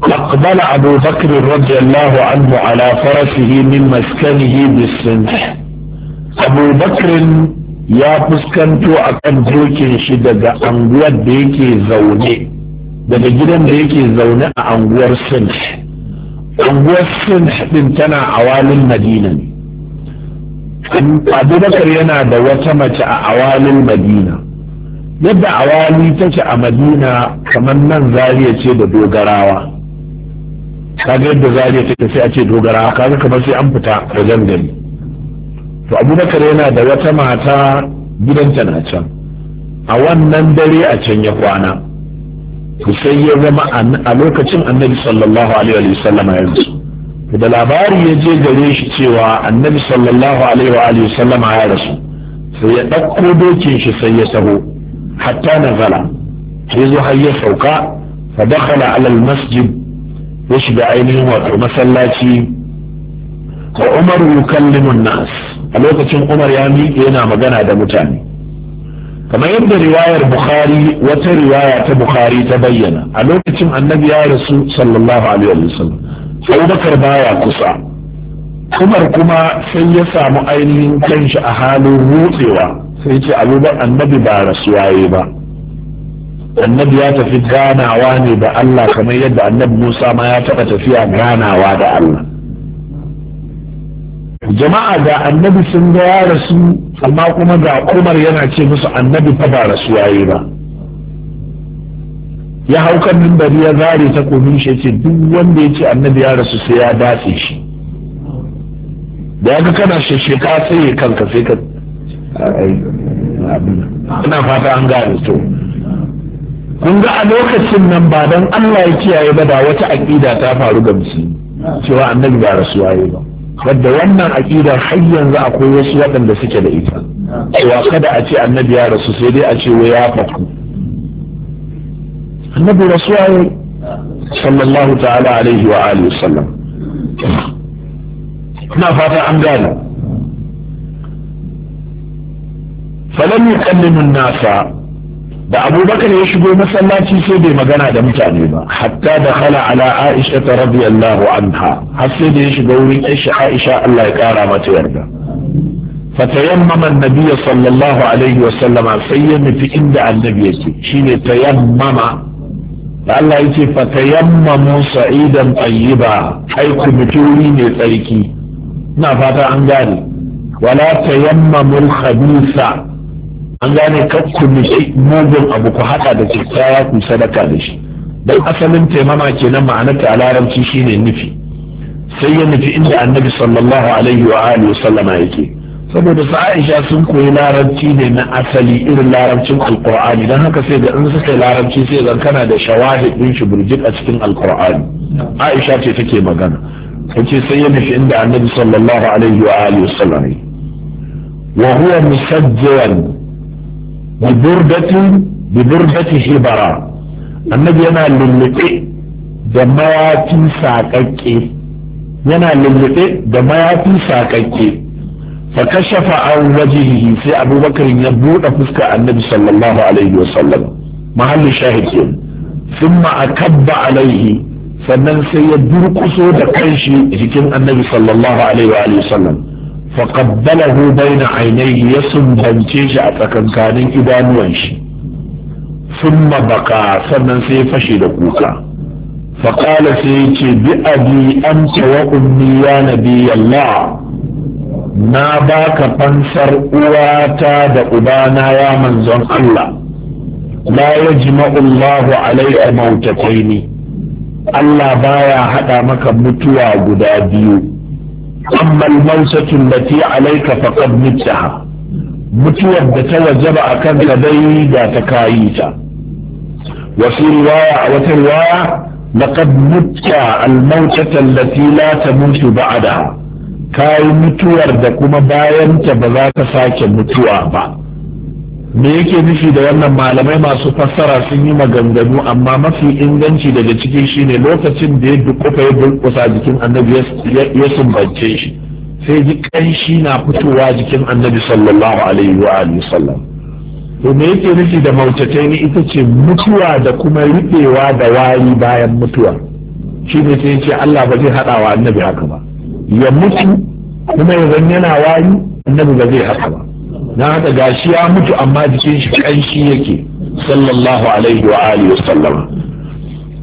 أقبل أبو بكر رضي الله عنه على فرسه من مسكنه بالسنح Abu abubakar ya fuskanto a kan dokin shi daga anguwar da yake zaune daga gidan da yake zaune a anguwar sind anguwar sind din tana a walin madina Abu bakar yana da wata mace a awalin madina yadda awali take a madina kamar nan zariya ce da dogarawa kaga yadda zariya take sai a ce dogarawa kaga kamar sai an fita wajen gani. to abubakar yana da wata mata gidanta na can a wannan dare a can ya kwana to sai ya zama a lokacin annabi sallallahu alaihi wa sallam ya rasu da labari ya je gare shi cewa annabi sallallahu alaihi wa sallam ya rasu sai ya ɗauko dokin shi sai ya saho hatta na zala sai zo har ya sauka fa dakhala masjid ya shiga ainihin wato masallaci wa umaru yukallimun nas a lokacin umar ya miƙe yana magana da mutane kamar yadda riwayar bukhari wata riwaya ta bukhari ta bayyana a lokacin annabi ya rasu sallallahu alaihi wasallam abubakar baya kusa umar kuma sai ya samu ainihin kanshi a halin rutsewa sai ce abubakar annabi ba rasuwa ba annabi ya tafi ganawa ne da allah kamar yadda annabi musa ma ya taɓa tafiya ganawa da allah jama'a ga annabi sun ga ya rasu amma kuma ga umar yana ce musu annabi fa ba rasuwa yi ba ya hau kan mimbari ya zare ta komin shi ce duk wanda ya ce annabi ya rasu sai ya datse shi da ya ga kana shesheka sai ya kanka sai ka ina fata an gane to kun ga a lokacin nan ba don Allah ya kiyaye ba da wata aƙida ta faru ga musulmi cewa annabi ba rasuwa yi ba wadda wannan aƙidar har yanzu akwai wasu waɗanda suke da ita cewa kada a ce annabi ya rasu sai dai a ce wai ya faku annabi rasuwa ne sallallahu ta'ala alaihi wa alihi sallam ina fata an gane falam yukallimu nasa da abubakar ya shigo masallaci sai bai magana da mutane ba hatta da kala ala aisha ta radiyallahu anha har sai da ya shiga wurin aisha aisha Allah ya kara mata yarda fatayammama annabi sallallahu alaihi wa sallama sai ya nufi inda annabi yake shine tayammama da Allah ya ce fatayammamu sa'idan tayyiba ai ku muturi ne tsarki ina fata an gane wala tayammamul khabisa an gane kan ku mugun abu ku haɗa da kyakkyawa ku sadaka da shi don asalin taimama kenan ma'anarta ta a larabci shine nufi sai ya nufi inda annabi sallallahu alaihi wa alihi sallama yake saboda su Aisha sun koyi larabci ne na asali irin larabcin alkur'ani don haka sai da in suka larabci sai zan kana da shawahid din shi burjik a cikin alkur'ani Aisha ce take magana kace sai ya nufi inda annabi sallallahu alaihi wa alihi sallama wa huwa musajjiran bi burdatin bi burdati annabi yana lullube da mayafi sakakke yana lullube da mayafi sakakke fa kashafa an wajihi sai abubakar ya buɗe fuska annabi sallallahu alaihi wa sallam mahallin shahid ke thumma akabba alaihi sannan sai ya durkuso da kanshi jikin annabi sallallahu alaihi wa sallam faƙabbalahu baina ainihi ya sumbance shi a tsakankanin idanuwan shi summa baka sannan sai fashe da kuka faƙala sai ya ce bi abi amsa wa ummi ya nabi na baka fansar uwata da ubana ya manzon Allah la yajma'u Allahu alai'a ne. Allah baya haɗa maka mutuwa guda biyu amma al-mawsatu allati alayka faqad mittaha mutuwar da ta wajaba a kanka dai da ta kayi ta wasu riwaya a wata riwaya laqad mutta al-mawtata allati la tamutu ba'daha kayi mutuwar da kuma bayanta ba za ta sake mutuwa ba me yake nufi da wannan malamai masu fassara sun yi maganganu amma mafi inganci daga cikin shi ne lokacin da ya dukkufa ya durkusa jikin annabi ya sumbance shi sai ji kanshi na fitowa jikin annabi sallallahu alaihi wa alihi sallam to me yake nufi da mautatai ne ita ce mutuwa da kuma riɓewa da wari bayan mutuwa shi ne sai ce Allah ba zai haɗa wa annabi haka ba ya mutu kuma ya yana wari annabi ba zai haka ba na haka gashi ya mutu amma jikin shi kanshi yake sallallahu alaihi wa alihi wasallam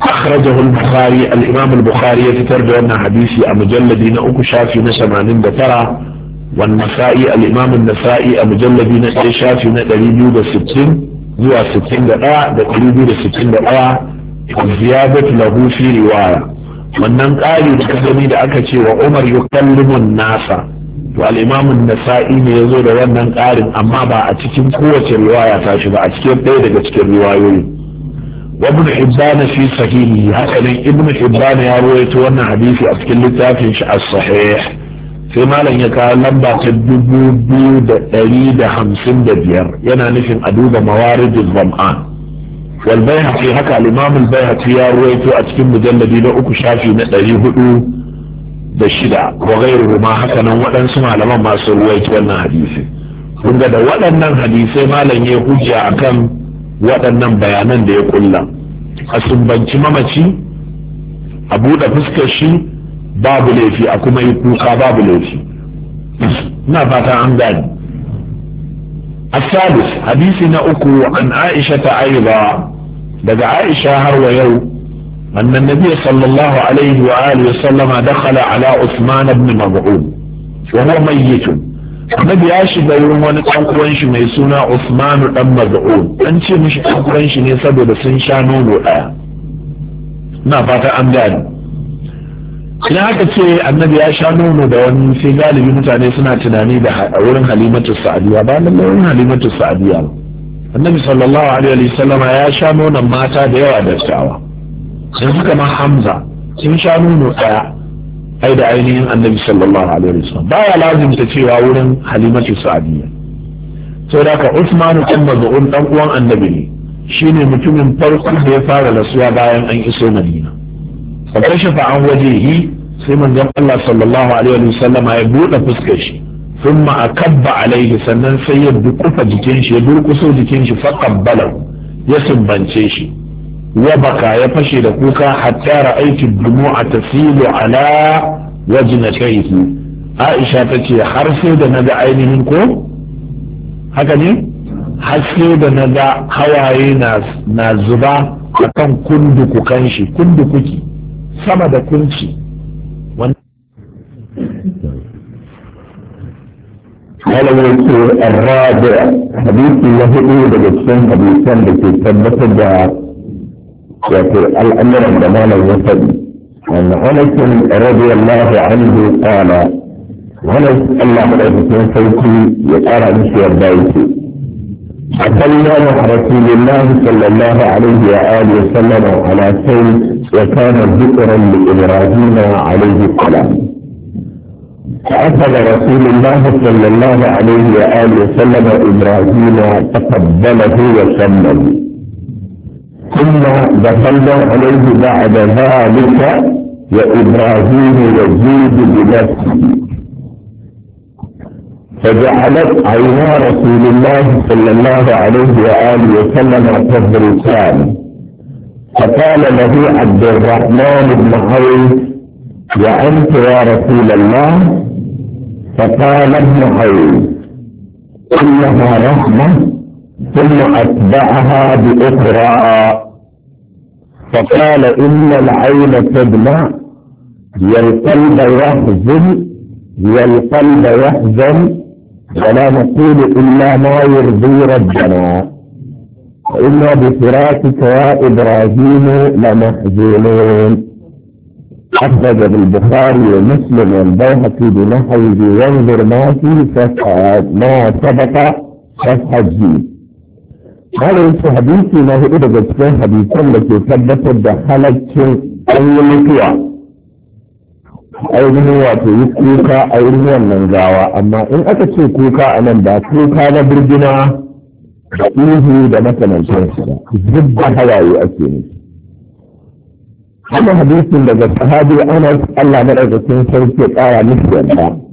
أخرجه البخاري الإمام البخاري يذكر بأن حديثي المجلدين أكو شافي نسمانين ترى والنسائي الإمام النسائي المجلدين شافي نتريبيو بستين زوا ستين دقاء دقريبيو بستين دقاء زيادة له في رواية wannan ƙari da ka gani da aka ce wa umar yukallimun nasa to al'imamun nasa'i ne ya zo da wannan ƙarin amma ba a cikin kowace riwaya ta shi ba a cikin ɗaya daga cikin riwayoyi wa ibn hibbana fi sahihi haka nan ibn hibbana ya rawaito wannan hadisi a cikin littafin shi as-sahih sai malam ya kawo lamba ta dubu biyu da ɗari da hamsin da biyar yana nufin a duba mawaridul zam'an wal bayhaqi haka al bai ya rawaito a cikin mujalladi na uku shafi na ɗari hudu da shida ko gairu ma haka nan waɗansu malaman masu ruwaito wannan hadisi kun da waɗannan hadisai malam ya hujja akan waɗannan bayanan da ya kulla a sumbanci mamaci a buɗe fuskar shi babu laifi a kuma yi kuka babu laifi ina fata an gani الثالث uku أكو عن عائشة أيضا daga Aisha har wa yau أن النبي صلى الله عليه وآله وسلم دخل على عثمان بن مضعون وهو ميت النبي ياشي بيرون وانا تنقوان شو ميسونا عثمان بن مضعون أنت مش تنقوان شو نيسابي بس إن شاء نولو آه نا فاتا أمدان إن هكا تي النبي ياشا نولو دا وان في غالي يمتع نيسونا تناني دا أولن حليمة السعدية بان الله حليمة السعدية النبي صلى الله عليه وسلم ياشا نولو ماتا ديوا دستاوه suka ma hamza sun sha nuno ɗaya ai da ainihin annabi sallallahu alaihi wasallam baya lazimta cewa wurin halimatu sa'adiyya sau da ka usmanu kan mazu'un dan uwan annabi ne shine mutumin farko da ya fara rasuwa bayan an iso madina fa kashafa an wajehi sai manzon Allah sallallahu alaihi wasallama ya buɗe fuskar shi ثم jikin shi ya سيد jikin shi يدور قصو Ya sumbance shi. وبكى يفشي لكوكا حتى رأيت الدموع تسيل على وجن شيخي عائشة تشي حرسي دا ندى عيني منكو هكذا حسي دا ندى هواي نازبا وكان كندك كنشي كندكوكي سما دا كنشي ون... قال ويسو الرابع حديث الله إيه بجسن حديثان بكي تبتدى يقول الأمر عندما يفد أن أنس رضي الله عنه قال أنس الله رضي سيكون يقال مش يبايتي أصلنا مع رسول الله صلى الله عليه وآله وسلم على سيد وكان ذكرا لإبراهيم عليه السلام فأخذ رسول الله صلى الله عليه وآله وسلم إبراهيم فقبله وسلم ثم دخلنا عليه بعد ذلك وإبراهيم يزيد بنفسه فجعلت عينا رسول الله صلى الله عليه وآله وسلم تبركان فقال له عبد الرحمن بن عوف وأنت يا رسول الله فقال ابن عوف إنها رحمة ثم أتبعها بأخرى فقال إن العين تدمع والقلب يحزن والقلب يحزن ولا نقول إلا ما يرضي ربنا وإنا بفراقك يا إبراهيم لمحزونون أخرج البخاري ومسلم والبيهقي بنحوه ينظر ما في صفحة ما سبق صفحة جيد malamin ce hadisi na hudu daga cikin hadisan da ke tabbatar da halaccin an mutuwa ainihin wato yi kuka a yi wannan gawa amma in aka ce kuka a nan ba kuka na birgina da ihu da makamantar su hawaye ake nufi hana hadisin daga sahabi anas allah na ɗaga sun sarki ƙara nufi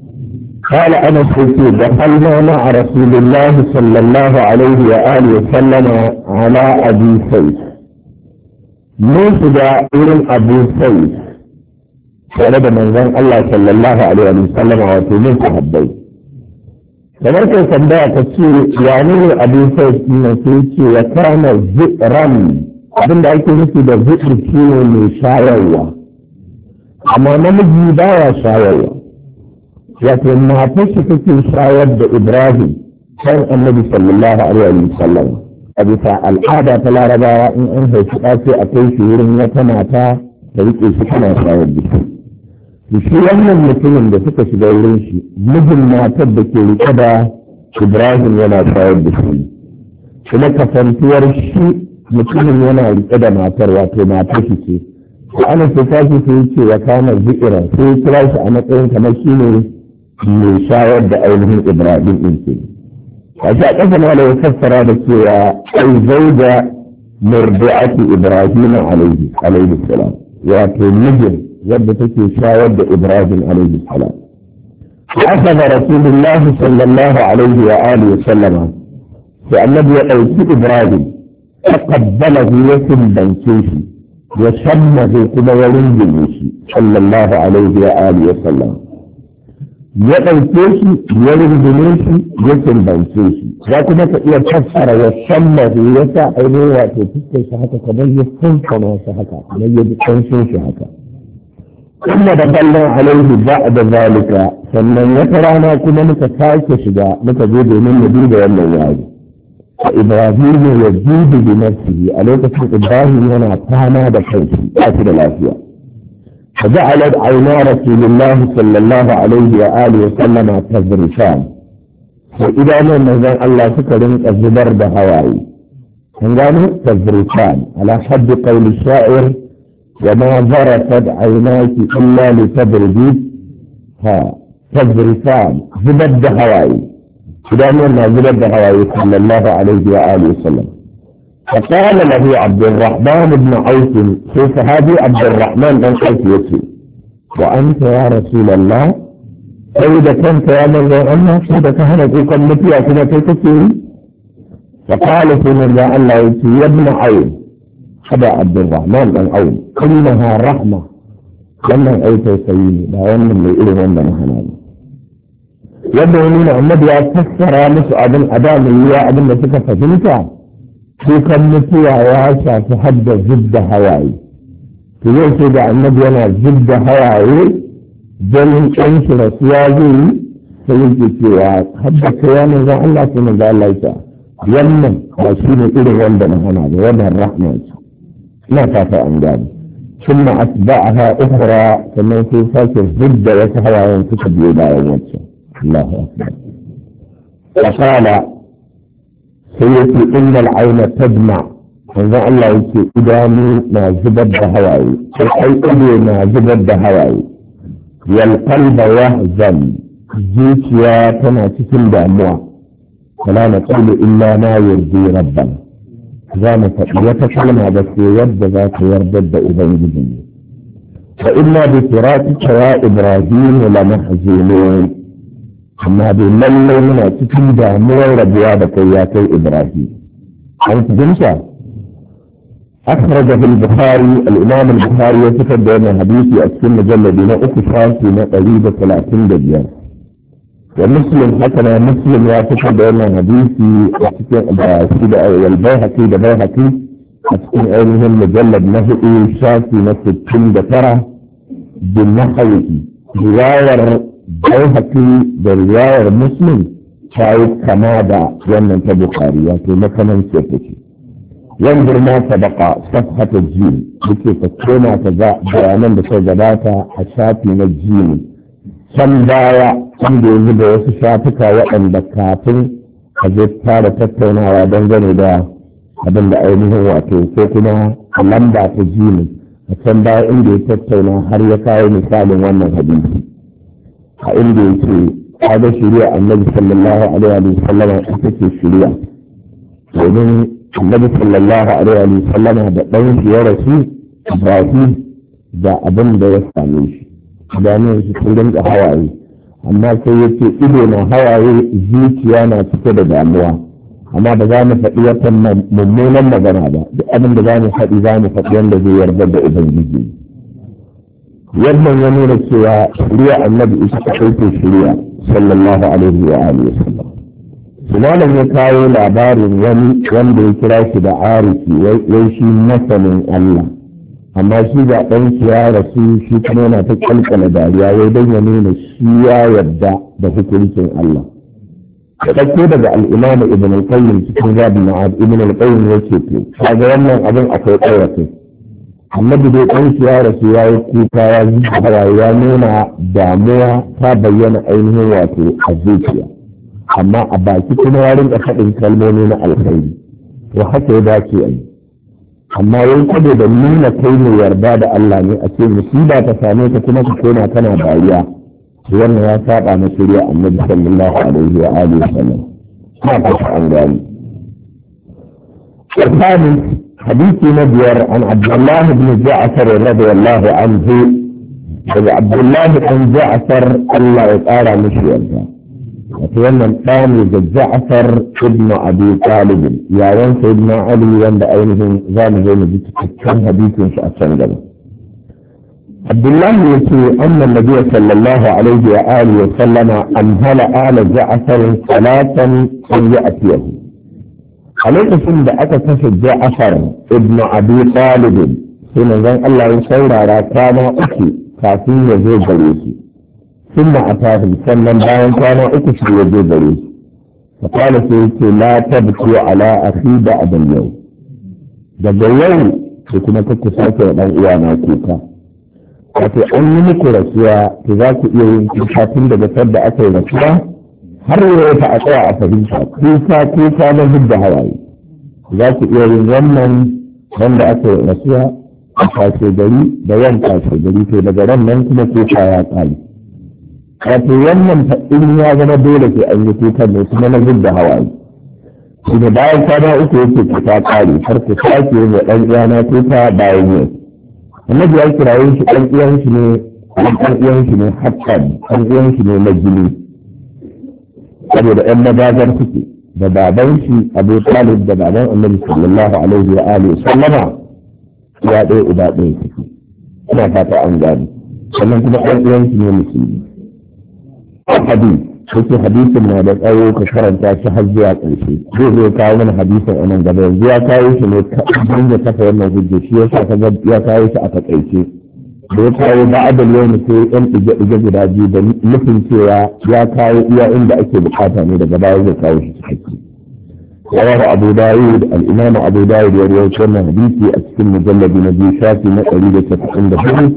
قال أنا سيدي دخلنا مع رسول الله صلى الله عليه وآله وسلم على أبي سيف من سجاء أبو سيف tare da manzon Allah sallallahu alaihi wa sallam a wato min sahabbai kamar kai tambaya ta ce ya ne abu sai ne abin da ake nufi da zikr shi ne mai shayarwa amma namiji baya shayarwa wato matar shi take shayar da ibrahim kan annabi sallallahu alaihi wa sallam a bisa al'ada ta larabawa in an haifi ɗa a kai shi wurin wata mata da riƙe shi tana shayar da shi shi wannan mutumin da suka shiga wurin shi mijin matar da ke riƙe da ibrahim yana shayar da shi kuma kasantuwar shi mutumin yana riƙe da matar wato matar shi ce ko ana sai tashi sai ce wa kana zikira sai kira shi a matsayin kamar shi ne يشاور بأينه إبراء بن إنسان وجاء أثناء لو يفسر هذا السورة أي مرضعة إبراهيم عليه عليه السلام وفي النجم يبتك يشاور بإبراهيم عليه السلام فاخذ رسول الله صلى الله عليه وآله وسلم فأنه يقول إبراهيم فقد بلغ تقبله يسلبا سوشي وشمه قبل ولد صلى الله عليه وآله وسلم ya ɗauke shi ya rungume shi ya tumbance shi za kuma ka iya fassara ya sammari ya sa ainihin wato fuskar shi haka kamar ya funkana wasu haka kamar ya ji ƙanshin shi haka kuma da kallon alaihi ba da zalika sannan wata rana kuma muka sake shiga muka zo domin mu duba wannan yaro a ibrahimu ya dubi bi nafsihi a lokacin ibrahim yana kwana da kanshi ba shi da lafiya فجعلت عينا رسول الله صلى الله عليه وآله وسلم تذرفان فإذا لم يزال الله تكرم الزبر بهوائي هنغانو تذرفان على حد قول الشاعر وما ذرفت عيناك إلا لتبردي ها تذرفان زبر بهوائي إذا لم يزال زبد بهوائي صلى الله عليه وآله وسلم فقال له عبد الرحمن بن عوف شوف هذه عبد الرحمن بن عوف يسري وأنت يا رسول الله فإذا كنت يا من الله شهدك هنا في قمتي أكنا تكفي فقال سنة الله الله يسري يا ابن عوف هذا عبد الرحمن بن عوف كلها رحمة لما أيت سيدي لا يمن لي الا من بن حنان ya nuna annabi ya fassara musu abin a da mai yiwa abin kukan mutuwa ya shafi hadda zubda hawaye to yau sai da annabi yana zubda hawaye ganin ɗan shi rasuwa zai yi sai yake cewa hadda kai ne zan Allah sai manzo Allah ya wannan ba shi ne irin wanda na hana ba wannan rahma ce ina fata an gane ثم أتبعها أخرى فمن في فاكر ضد وسهر عن كتب يدعي الله أكبر فقال سيدي إن العين تدمع إن الله يتي إدامي ما زبد بهواي سيحي إدي ما زبد بهواي القلب يهزم جيت يا تنا تتم دعموا فلا نقول إلا ما يرضي ربا زامة يتكلم هذا في يد بذات يردد إذن جديد فإنا بفراتك يا إبراهيم لمحزينون amma dai lallai muna cikin damuwar rabuwa da kai ya kai ibrahim an أخرج البخاري الإمام البخاري يذكر بين حديثي أكثر مجلد إلى أكثر في قريبة 30 دجال ومسلم حكم مسلم يذكر بين حديثي أكثر البيهقي ده بيهقي أكثر أيضا مجلد نهئي شافي نفس التم ده ترى بالنحوي رواية bai da riwayar muslim ta yi kama da wannan ta bukari wato makaman ta Yan girma ta baka safhata jini yake ka koma ka a bayanan da ta gabata a shafi na jini can baya can da yanzu da wasu shafuka waɗanda kafin a zai fara tattaunawa dangane da abin da ainihin wato ko kuma lamba ta jini a can baya inda ya tattauna har ya kawo misalin wannan hadisi a inda yake kaga shari'a annabi sallallahu alaihi wa sallam ita ce shari'a domin annabi sallallahu alaihi wa sallam da ɗan shi ya rasu Ibrahim da abin da ya same shi idanun shi sun rinka hawaye amma sai ya ce ido na hawaye zuciya na cike da damuwa amma ba za mu faɗi wata mummunan magana ba duk abin da za mu faɗi za mu faɗi wanda zai yarda da ubangiji wannan ya nuna cewa shari'a annabi isa ta kai shari'a sallallahu alaihi wa alihi wasallam ya kawo labarin wani wanda ya kira shi da ariki wai shi masanin Allah amma shi ba ɗan ya rasu shi kuma yana ta kalkala dariya wai don ya nuna shi ya yarda da hukuncin Allah da ɗauko daga al'umma ibn al-qayyim cikin zabi ma'ad ibn al-qayyim yake to kaga wannan abin akwai ƙaurafi annabi dai ɗan ya rasu ya yi kuka ya ji hawaye ya nuna damuwa ta bayyana ainihin wato a zuciya amma a baki kuma ya rinka faɗin kalmomi na alkhairi to haka ya dace a yi amma wai kwado da nuna kai mai yarda da Allah ne a ce musiba ta same ka kuma ka koma kana dariya wannan ya saba na shirya annabi sallallahu alaihi wa alihi wa sallam ba ta an gani حديث نبير عن عبد الله بن جعفر رضي الله عنه عبد الله بن جعفر الله يقال مش يرجع وتولى الثاني جعفر ابن ابي طالب يا وين سيدنا علي وين بعينه زال زي ما جيت تتكلم حديث مش احسن عبد الله يقول ان النبي صلى الله عليه واله وسلم انزل ال جعفر صلاه ان ياتيه a lokacin da aka kashe ja'afar ibn abi talib sai manzon Allah ya saurara kwana uku kafin ya zo gare shi zo gare shi, باين كانوا اكس بيجي فقال سيدي لا تبكوا على أخي abin yau, daga yau ko kuma kuka sake dan uwa na kuka wato an yi muku rasuwa to za ku iya yin kafin daga sadda aka yi rasuwa har yau ta a tsaya a fahimta ko kuka na hidda hawaye za ku iya yin wannan wanda aka yi nasiha a kashe gari da yan kashe gari to daga ran nan kuma kuka ya tsari wato wannan faɗin ya zama dole ke an yi kukan ne kuma na hidda hawaye shi da bayan kwana uku yake kuka tsari har ku sake yin ɗan uwana kuka bayan yau annabi ya kirayen shi ɗan uwan shi ne ɗan uwan shi ne hakan ɗan uwan shi ne na jini saboda yan madazar suke da baban shi abu talib da baban annabi sallallahu alaihi wa alihi sallama ya ɗaya uba ɗaya suke ina fata an gani sannan kuma ɗan uwan shi ne musulmi hadis yake hadisin na da tsawo ka karanta shi har zuwa ƙarshe zai zo kawo mana hadisin a nan gaba yanzu ya kawo shi ne ta da kafa wannan hujja shi yasa ka ya kawo shi a taƙaice da ya kawo ba adal yau sai yan ɗige-ɗige guda biyu da nufin cewa ya kawo iya inda ake bukata ne daga baya zai kawo shi hakki رواه أبو داود الإمام أبو داود ورواية شرنا حديثي أكتم مجلد نبي شافي نقريبة تتحن بحر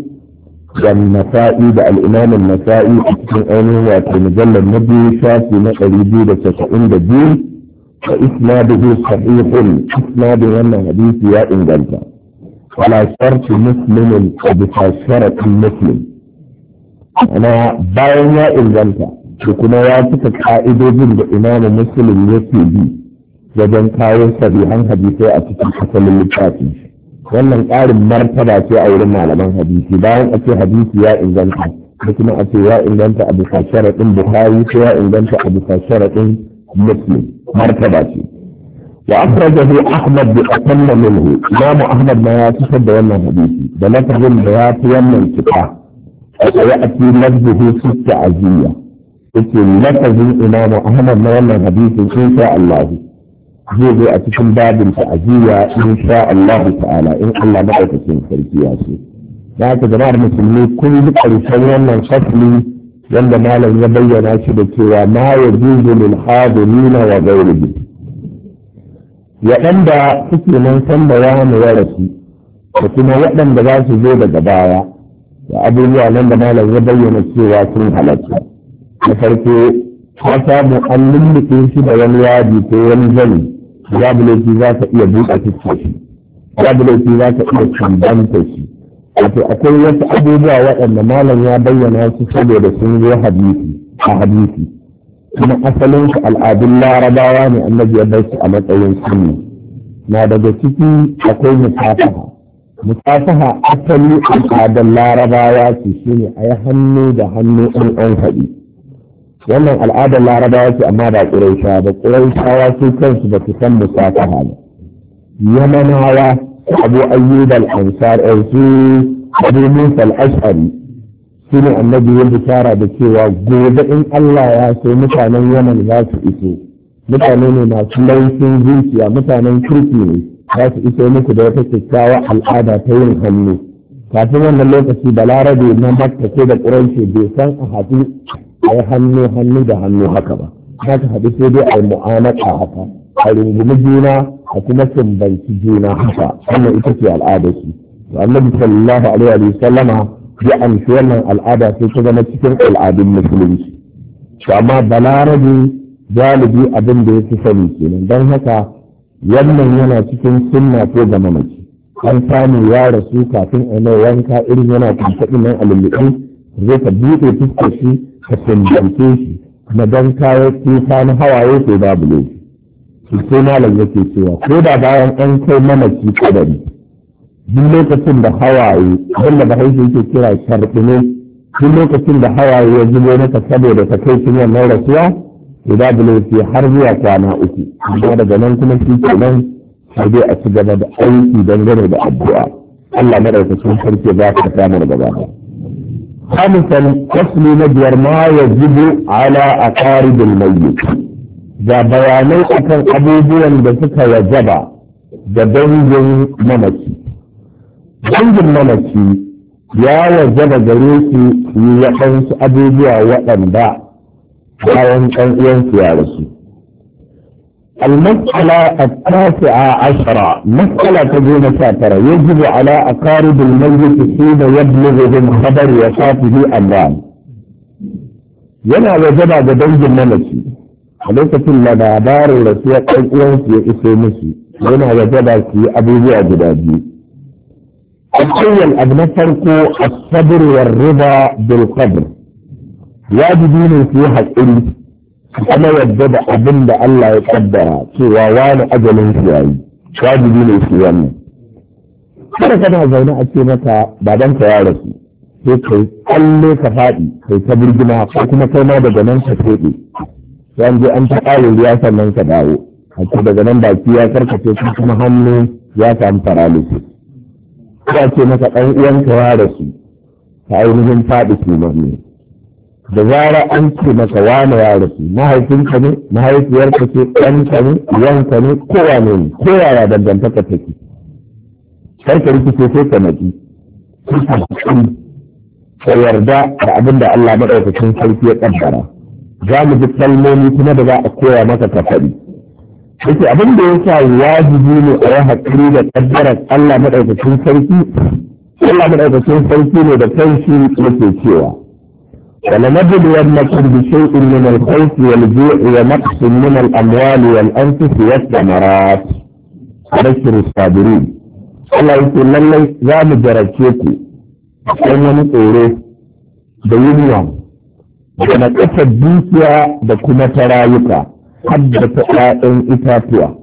والنسائي دا الإمام النسائي أكتم أنه وأكتم مجلد نبي شافي نقريبة تتحن بحر فإسناده صحيح إسناد أن حديثي يا إنجلتر wala sharti muslimin a bisa sharaɗin muslim bayan ya inganta da kuma ya cika ka'idojin da imamu muslim yake bi wajen kawo sabihan hadisai a cikin asalin littafi wannan ƙarin martaba a wurin malaman hadisi bayan a ce hadisi ya inganta da kuma a ce ya inganta a bisa sharaɗin bukari ko ya inganta a bisa sharaɗin muslim martaba واخرجه احمد باقل منه امام احمد ما يعتقد ولا حديثي بلفظ بيات يمن انتقاء وياتي لفظه ست عزيه اسم لفظ الامام احمد ما ولا حديثي ان شاء الله زي بياتيكم باب تعزيه ان شاء الله تعالى ان شاء الله ما يتكلم في القياسي ذاك جماعه المسلمين كل ذكر يسوون من قتلي عندما لم يبين اشد ما يجوز للحاضرين وغيرهم waɗanda suke nan san da wani ya rasu da kuma waɗanda za su zo daga baya da abubuwa nan da malam ya bayyana cewa sun halatta na farko ta samu an lullufe shi da wani yadi ko wani zani babu za ka iya buɗe fuskar shi babu za ka iya tambanta shi wato akwai wasu abubuwa waɗanda malam ya bayyana su saboda sun zo hadisi a hadisi kuma asalin su al'adun larabawa ne annabi ya bai su a matsayin suni, na daga ciki akwai musafaha musafaha asali al'adun larabawa ce shine a yi hannu da hannu an an haɗi wannan al'adar larabawa ce amma ba ƙuraisha ba ƙuraishawa su kansu ba su san musafaha ba yamanawa abu ayyub al-ansar abu musa shi ne annabi ya bishara da cewa gobe in Allah ya so mutanen yaman za su iso mutane ne masu laushin zuciya mutanen kirki ne za su iso muku da wata kyakkyawar al'ada ta yin hannu kafin wannan lokaci balarabe na makka ko da ƙuranci bai san a haɗu a yi hannu hannu da hannu haka ba za ta haɗu sai dai a yi mu'amala haka a rungumi juna a kuma sumbanci juna haka wannan ita ce al'adarsu annabi sallallahu alaihi wa sallama ya amshi wannan al'ada sai ta zama cikin al'adun musulunci to amma rabi galibi abin da ya fi sani kenan don haka wannan yana cikin sunna ko ga mamaci an samu ya rasu kafin a mai wanka irin yana kuntaɗi nan alulluɗi zai ka buɗe fuskar shi ka sumbance shi na don kawo tufa na hawaye ko babu lokaci sai malam yake cewa ko da bayan an kai mamaci kadari duk lokacin da hawaye abinda ba haifi yake kira karɓine duk lokacin da hawaye ya zubo maka saboda ka kai shi wannan rasuwa idan bulu sai har zuwa kwana uku amma daga nan kuma shi ke nan sai dai a ci gaba da aiki dangane da addu'a Allah madaukakin sarki ba ka samu daga baya خامسا فصل نبير ما يجب على أقارب Da bayanai akan abubuwan da suka وجبا da dangin ممتي zangin malaki يا wajaba gare su yi ya kansu abubuwa waɗanda bayan ɗan uwan su ya rasu. المسألة التاسعة عشرة مسألة تقول مساترة يجب على أقارب الميت حين يبلغ من خبر وفاته أمران ينا وجبا بدوج الملك حليسة لنا دار الرسول قد أنت يقسمه ينا وجبا في أبو جبادي الأول أبنترك الصبر والرضا بالقدر واجبين في حقه أنا يجب أبن الله يقدر سوى وانا أجل في واجبين في يمه kada kana zaune a ce maka baban ka ya rasu sai kai kalle ka faɗi kai ta birgima ko kuma kai ma daga nan ka je an ta ƙare ruwa sannan ka dawo a ce daga nan baki ya karkace kuma hannu ya samu paralysis ya ce maka ɗan uwanka ya rasu ta ainihin faɗi kimar ne da zara an ce maka wane ya rasu mahaifinka ne mahaifiyarka ce ɗanka ne uwanka ne kowa ne ko yaya dangantaka take karka rikice sai ka naki ka yarda da abin da Allah maɗaukacin sarki ya ƙaddara za mu ji kalmomi kuma da za a koya maka ka faɗi yake abin da yasa wajibi ne a yi haƙuri da ƙaddarar Allah maɗaukacin sarki Allah maɗaukacin sarki ne da kanshi yake cewa wala najidu yannakum bi shay'in min al-khawfi wal-ju'i wa naqsin min al-amwali wal-anfusi was-samarat bashiru sabirin Allah yake lallai za mu jarace ku akan wani tsoro da yunwa da na dukiya da kuma ta rayuka haddata ƴaƴan itatuwa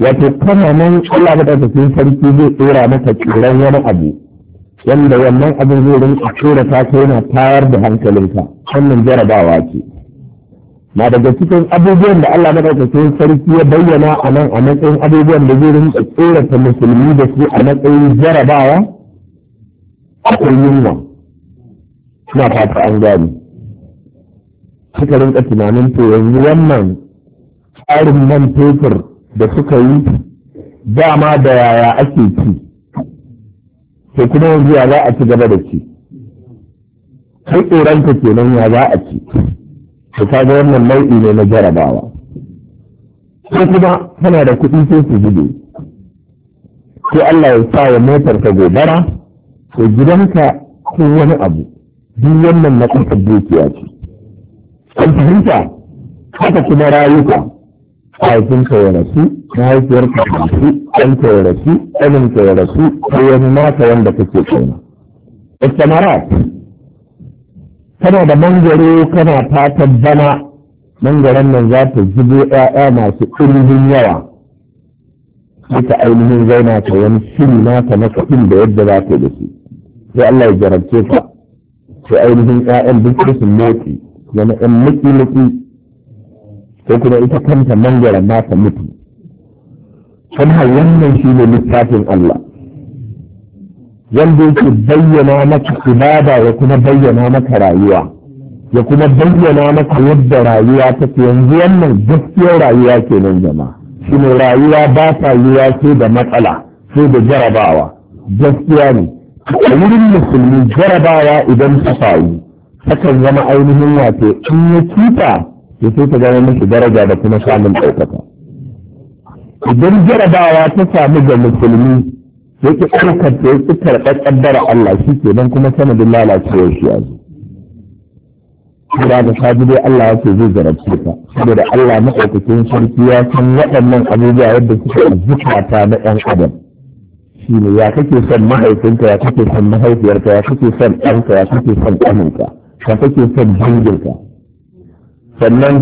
wato kana nan Allah madaukakin sarki zai tsora maka tsiran wani abu wanda wannan abin zai rinka tsora ta kai yana tayar da hankalinka wannan jarabawa ce na daga cikin abubuwan da Allah madaukakin sarki ya bayyana a nan a matsayin abubuwan da zai rinka tsorata musulmi da su a matsayin jarabawa akwai yunwa suna fata an gani suka rinka tunanin to yanzu wannan tsarin man fetur da suka yi dama da yaya ake ci to kuma yanzu ya za a ci gaba da ci kai tsoronka kenan ya za a ci to kaga wannan nau'i ne na jarabawa ko kuma tana da kuɗi ko su gudu ko Allah ya sa ya motar ka gobara ko gidanka ko wani abu duk wannan na ƙasar dukiya ce an fahimta haka kuma rayuka mahaifinka ya rasu mahaifiyarka ta rasu ɗanka ya rasu ɗaninka ya rasu ko wani wanda kake kauna istamarat kana da mangoro kana fatan bana Mangaron nan za ta zubo ‘ya'ya masu ɗumbin yawa sai ainihin zauna ta wani shiri naka na kuɗin da yadda za ta da sai Allah ya jarabce ka sai ainihin ‘ya'yan duk sun motsi zama in muki-muki ko kuma ita kanta mangaren ma ta mutu kuma wannan shi ne littafin Allah wanda yake bayyana maka ibada ya kuma bayyana maka rayuwa ya kuma bayyana maka yadda rayuwa take yanzu wannan gaskiyar rayuwa kenan jama'a shine rayuwa ba ta yiwa sai da matsala sai da jarabawa gaskiya ne a wurin musulmi jarabawa idan ta faru takan zama ainihin wato in ya cuta. ya sai ta zama miki daraja da kuma samun ɗaukaka idan jarabawa ta samu ga musulmi ya ki ɗaukar ta ya ki karɓar ƙaddara Allah shi ke don kuma sanadin lalacewar shi a Kira da sabi dai Allah yake zai zarabce ka saboda Allah maɗaukakin sarki ya san waɗannan abubuwa yadda suka zukata na ɗan adam. shi ne ya kake son mahaifinka ya kake son mahaifiyarka ya kake son ɗanka ya kake son ƙaninka ka take son danginka sannan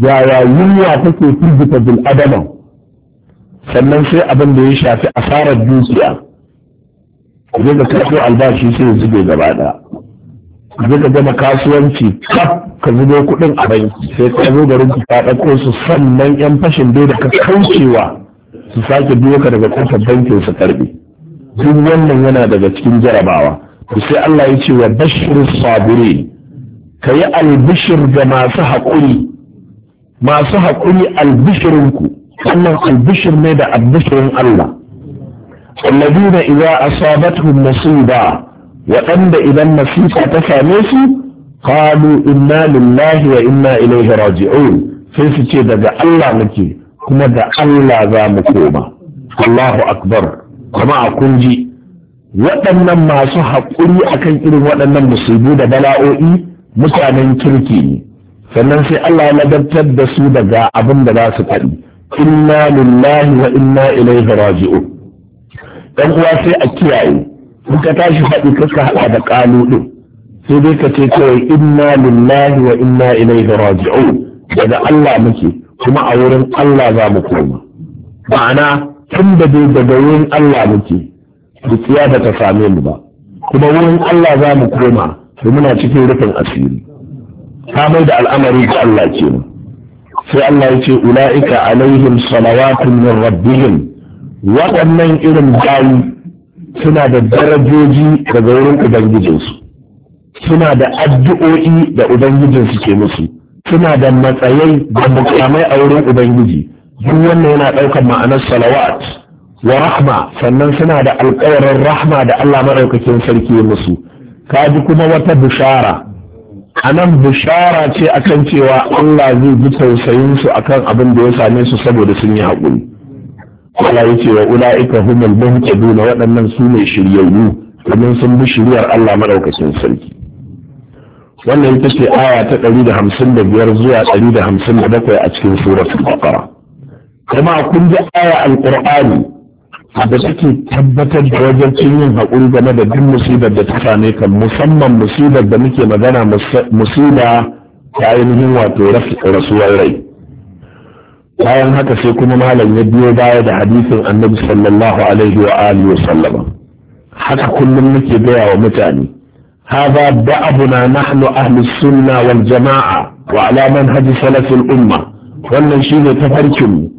yaya yunwa take firgita bil adama sannan sai abin da ya shafi asarar dukiya zai ka kaso albashi sai ya zube gaba daya zai ka gama kasuwanci kaf ka kuɗin a banki sai ka zo garin ka ɗauko su sannan yan fashin dai da ka kaucewa su sake biyo ka daga kofar bankin su karɓi duk wannan yana daga cikin jarabawa sai Allah ya ce wa bashirin sabiri ka yi albishir ga masu haƙuri masu haƙuri albishirinku wannan albishir ne da albishirin Allah alladina idza asabatuhum musiba waɗanda idan masifa ta same su qalu inna lillahi wa inna ilaihi raji'un sai su ce daga Allah muke kuma da Allah za mu koma Allahu akbar kuma a kunji waɗannan masu haƙuri akan irin waɗannan musibu da bala'o'i mutanen kirki ne sannan sai Allah ya ladabtar da su daga abin da za su faɗi inna lillahi wa inna ilaihi raji'un dan uwa sai a kiyaye in ka tashi faɗi kaka haɗa da ƙalu ɗin sai dai ka ce kawai inna lillahi wa inna ilaihi raji'un daga Allah muke kuma a wurin Allah za mu koma ma'ana tun da dai daga wurin Allah muke dukiya da ta same mu ba kuma wurin Allah za mu koma to muna cikin rufin asiri ta da al'amari ga Allah kenan sai Allah ya ce ula'ika alaihim salawatun min rabbihim waɗannan irin bayi suna da darajoji daga wurin ubangijinsu suna da addu'o'i da ubangijinsu ke musu suna da matsayai da mukamai a wurin ubangiji duk wannan yana ɗaukar ma'anar salawat wa rahma sannan suna da alƙawarin rahma da Allah maɗaukakin sarki musu ka ji kuma wata bishara a nan bishara ce akan cewa Allah zai ji tausayinsu akan abin da ya same su saboda sun yi haƙuri Allah ya ce wa ula'ika humul muhtaduna waɗannan su ne shiryayyu domin sun bi shiryar Allah madaukakin sarki wannan ita ce aya ta 155 zuwa 157 a cikin suratul baqara kuma kun ji aya alqur'ani da ke tabbatar da wajen yin haƙuri game da duk musibar da ta same kan musamman musibar da muke magana musiba ta ainihin wato rasuwar rai bayan haka sai kuma malam ya biyo baya da hadisin annabi sallallahu alaihi wa alihi wa sallama haka kullum muke gaya wa mutane nahnu ahli sunna wal jama'a wa ala manhaji salafin umma. wannan shine mu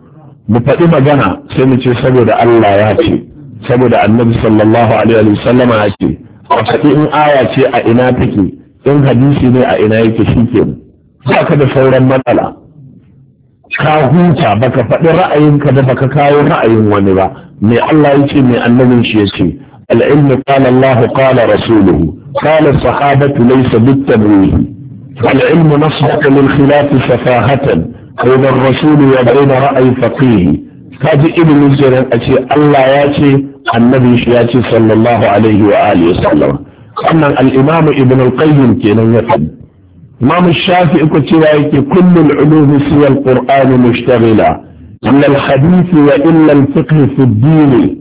mu faɗi magana sai mu ce saboda Allah ya ce saboda annabi sallallahu alaihi wa sallama ya ce a faɗi in aya ce a ina take in hadisi ne a ina yake shike ba ka da sauran matsala ka huta baka faɗi ra'ayinka da baka kawo ra'ayin wani ba me Allah ya ce me annabin shi ya ce العلم قال الله قال رسوله قال الصحابة ليس بالتمويه العلم نصبة للخلاف سفاهة بين الرسول وبين رأي فقيه هذه ابن الزر التي الله ياتي النبي ياتي صلى الله عليه وآله وسلم أن الإمام ابن القيم كان يقول إمام الشافعي كتب كل العلوم سوى القرآن مشتغلة إلا الحديث وإلا الفقه في الدين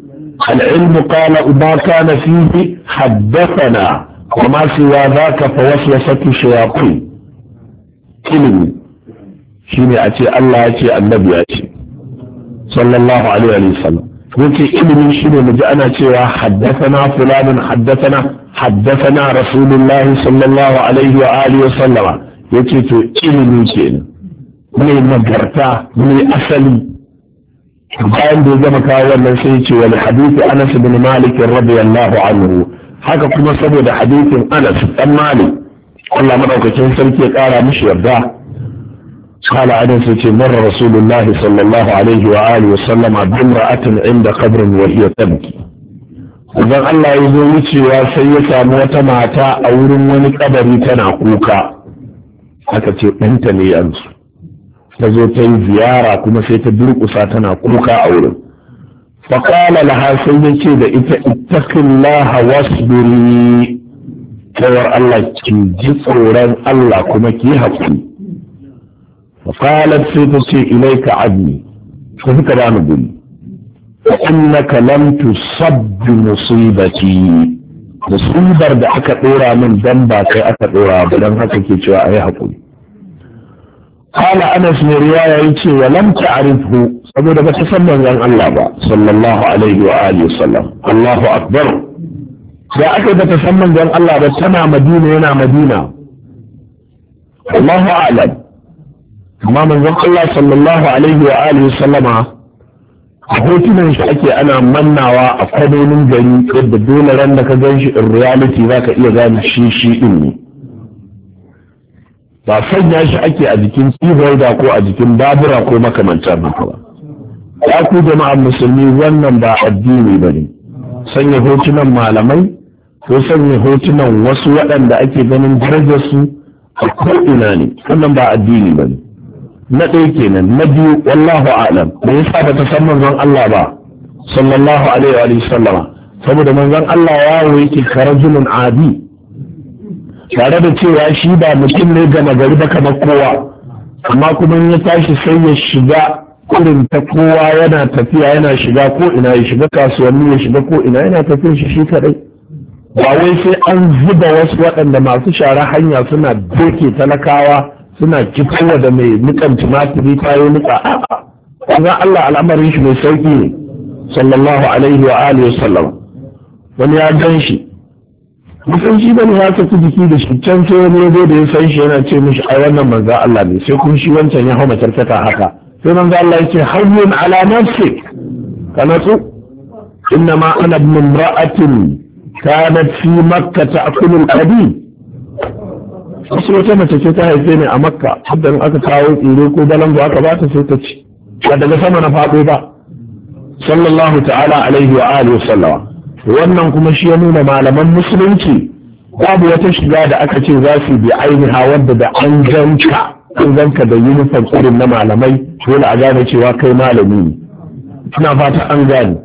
العلم قال ما كان فيه حدثنا وما سوى ذاك فوسوسة الشياطين كلمه ne a ce Allah ya ce annabi ya ce sallallahu alaihi wa sallam yake ilimi shi ne ji ana cewa haddathana fulanin haddathana haddathana rasulullahi sallallahu alaihi wa alihi wa sallama yake to ilimi kenan mai nagarta mai asali bayan da ya gama kawo wannan sai ya ce wal hadithu Anas bin Malik radiyallahu anhu haka kuma saboda hadithin Anas dan Malik Allah madaukakin sarki ya kara mishi yarda قال عدن ce مر رسول الله صلى الله عليه وآله وسلم بامرأة عند قبر وهي تبكي idan Allah ya zo wucewa sai ya samu wata mata a wurin wani kabari tana kuka aka ce ɗanta ne yanzu ta zo ta yi ziyara kuma sai ta durƙusa tana kuka a wurin faƙala laha sai ya ce da ita ittaqillaha wasbiri tawar Allah ki ji tsoron Allah kuma ki haƙuri qalat sai ilai ce ilaika abdi ka suka bani guri innaka lam tusabb musibati musibar da aka ɗora min dan ba kai aka ɗora ba dan haka ke cewa ayi hakuri qala anas ne riwaya yace cewa lam ta'rifhu saboda ba ta san manzon Allah ba sallallahu alaihi wa sallam Allahu da aka ba ta san Allah ba tana Madina yana Madina Allahu a'lam amma manzon Allah sallallahu alaihi wa alihi sallama a hotunan shi ake ana mannawa a kwadonin gari yadda dole ran da ka gan shi in reality za ka iya gane shi shi din ne ba sanya shi ake a jikin da ko a jikin babura ko makamantar haka ba ya ku jama'ar musulmi wannan ba addini ba ne sanya hotunan malamai ko sanya hotunan wasu waɗanda ake ganin darajarsu a ko'ina ne wannan ba addini ba ne na ɗaya kenan na biyu wallahu alam me yasa ba san manzon Allah ba sallallahu alaihi wa sallama saboda manzon Allah yawo yake karajulun adi tare da cewa shi ba mutum ne gama gari ba kamar kowa amma kuma ya tashi sai ya shiga irin ta kowa yana tafiya yana shiga ko ina ya shiga kasuwanni ya shiga ko ina yana tafiya shi shi kadai ba wai sai an zuba wasu waɗanda masu shara hanya suna doke talakawa suna kifowa da mai nukan tumatiri ta yi nuka a'a kuma Allah al'amarin shi mai sauki ne sallallahu alaihi wa alihi wa sallam wani ya gan shi musan shi bane ya saki jiki da shi can sai wani zo da ya san shi yana ce mishi ai wannan manzo Allah ne sai kuma shi wancan ya hauma tarkata haka sai manzo Allah ya ce hayyun ala nafsi kana su innama ana ibn imra'atin kanat fi makkah ta'kulu qadim wasu wata mace ce ta haife ni a makka haddan aka kawo tsire ko balangu aka ba ta sai ta ci ba daga sama na faɗo ba sallallahu ta'ala alaihi wa alihi wa sallama wannan kuma shi ya nuna malaman musulunci babu wata shiga da aka ce za su bi ainiha wadda da an ganka an ganka da uniform irin na malamai dole a gane cewa kai malami ne ina fata an gane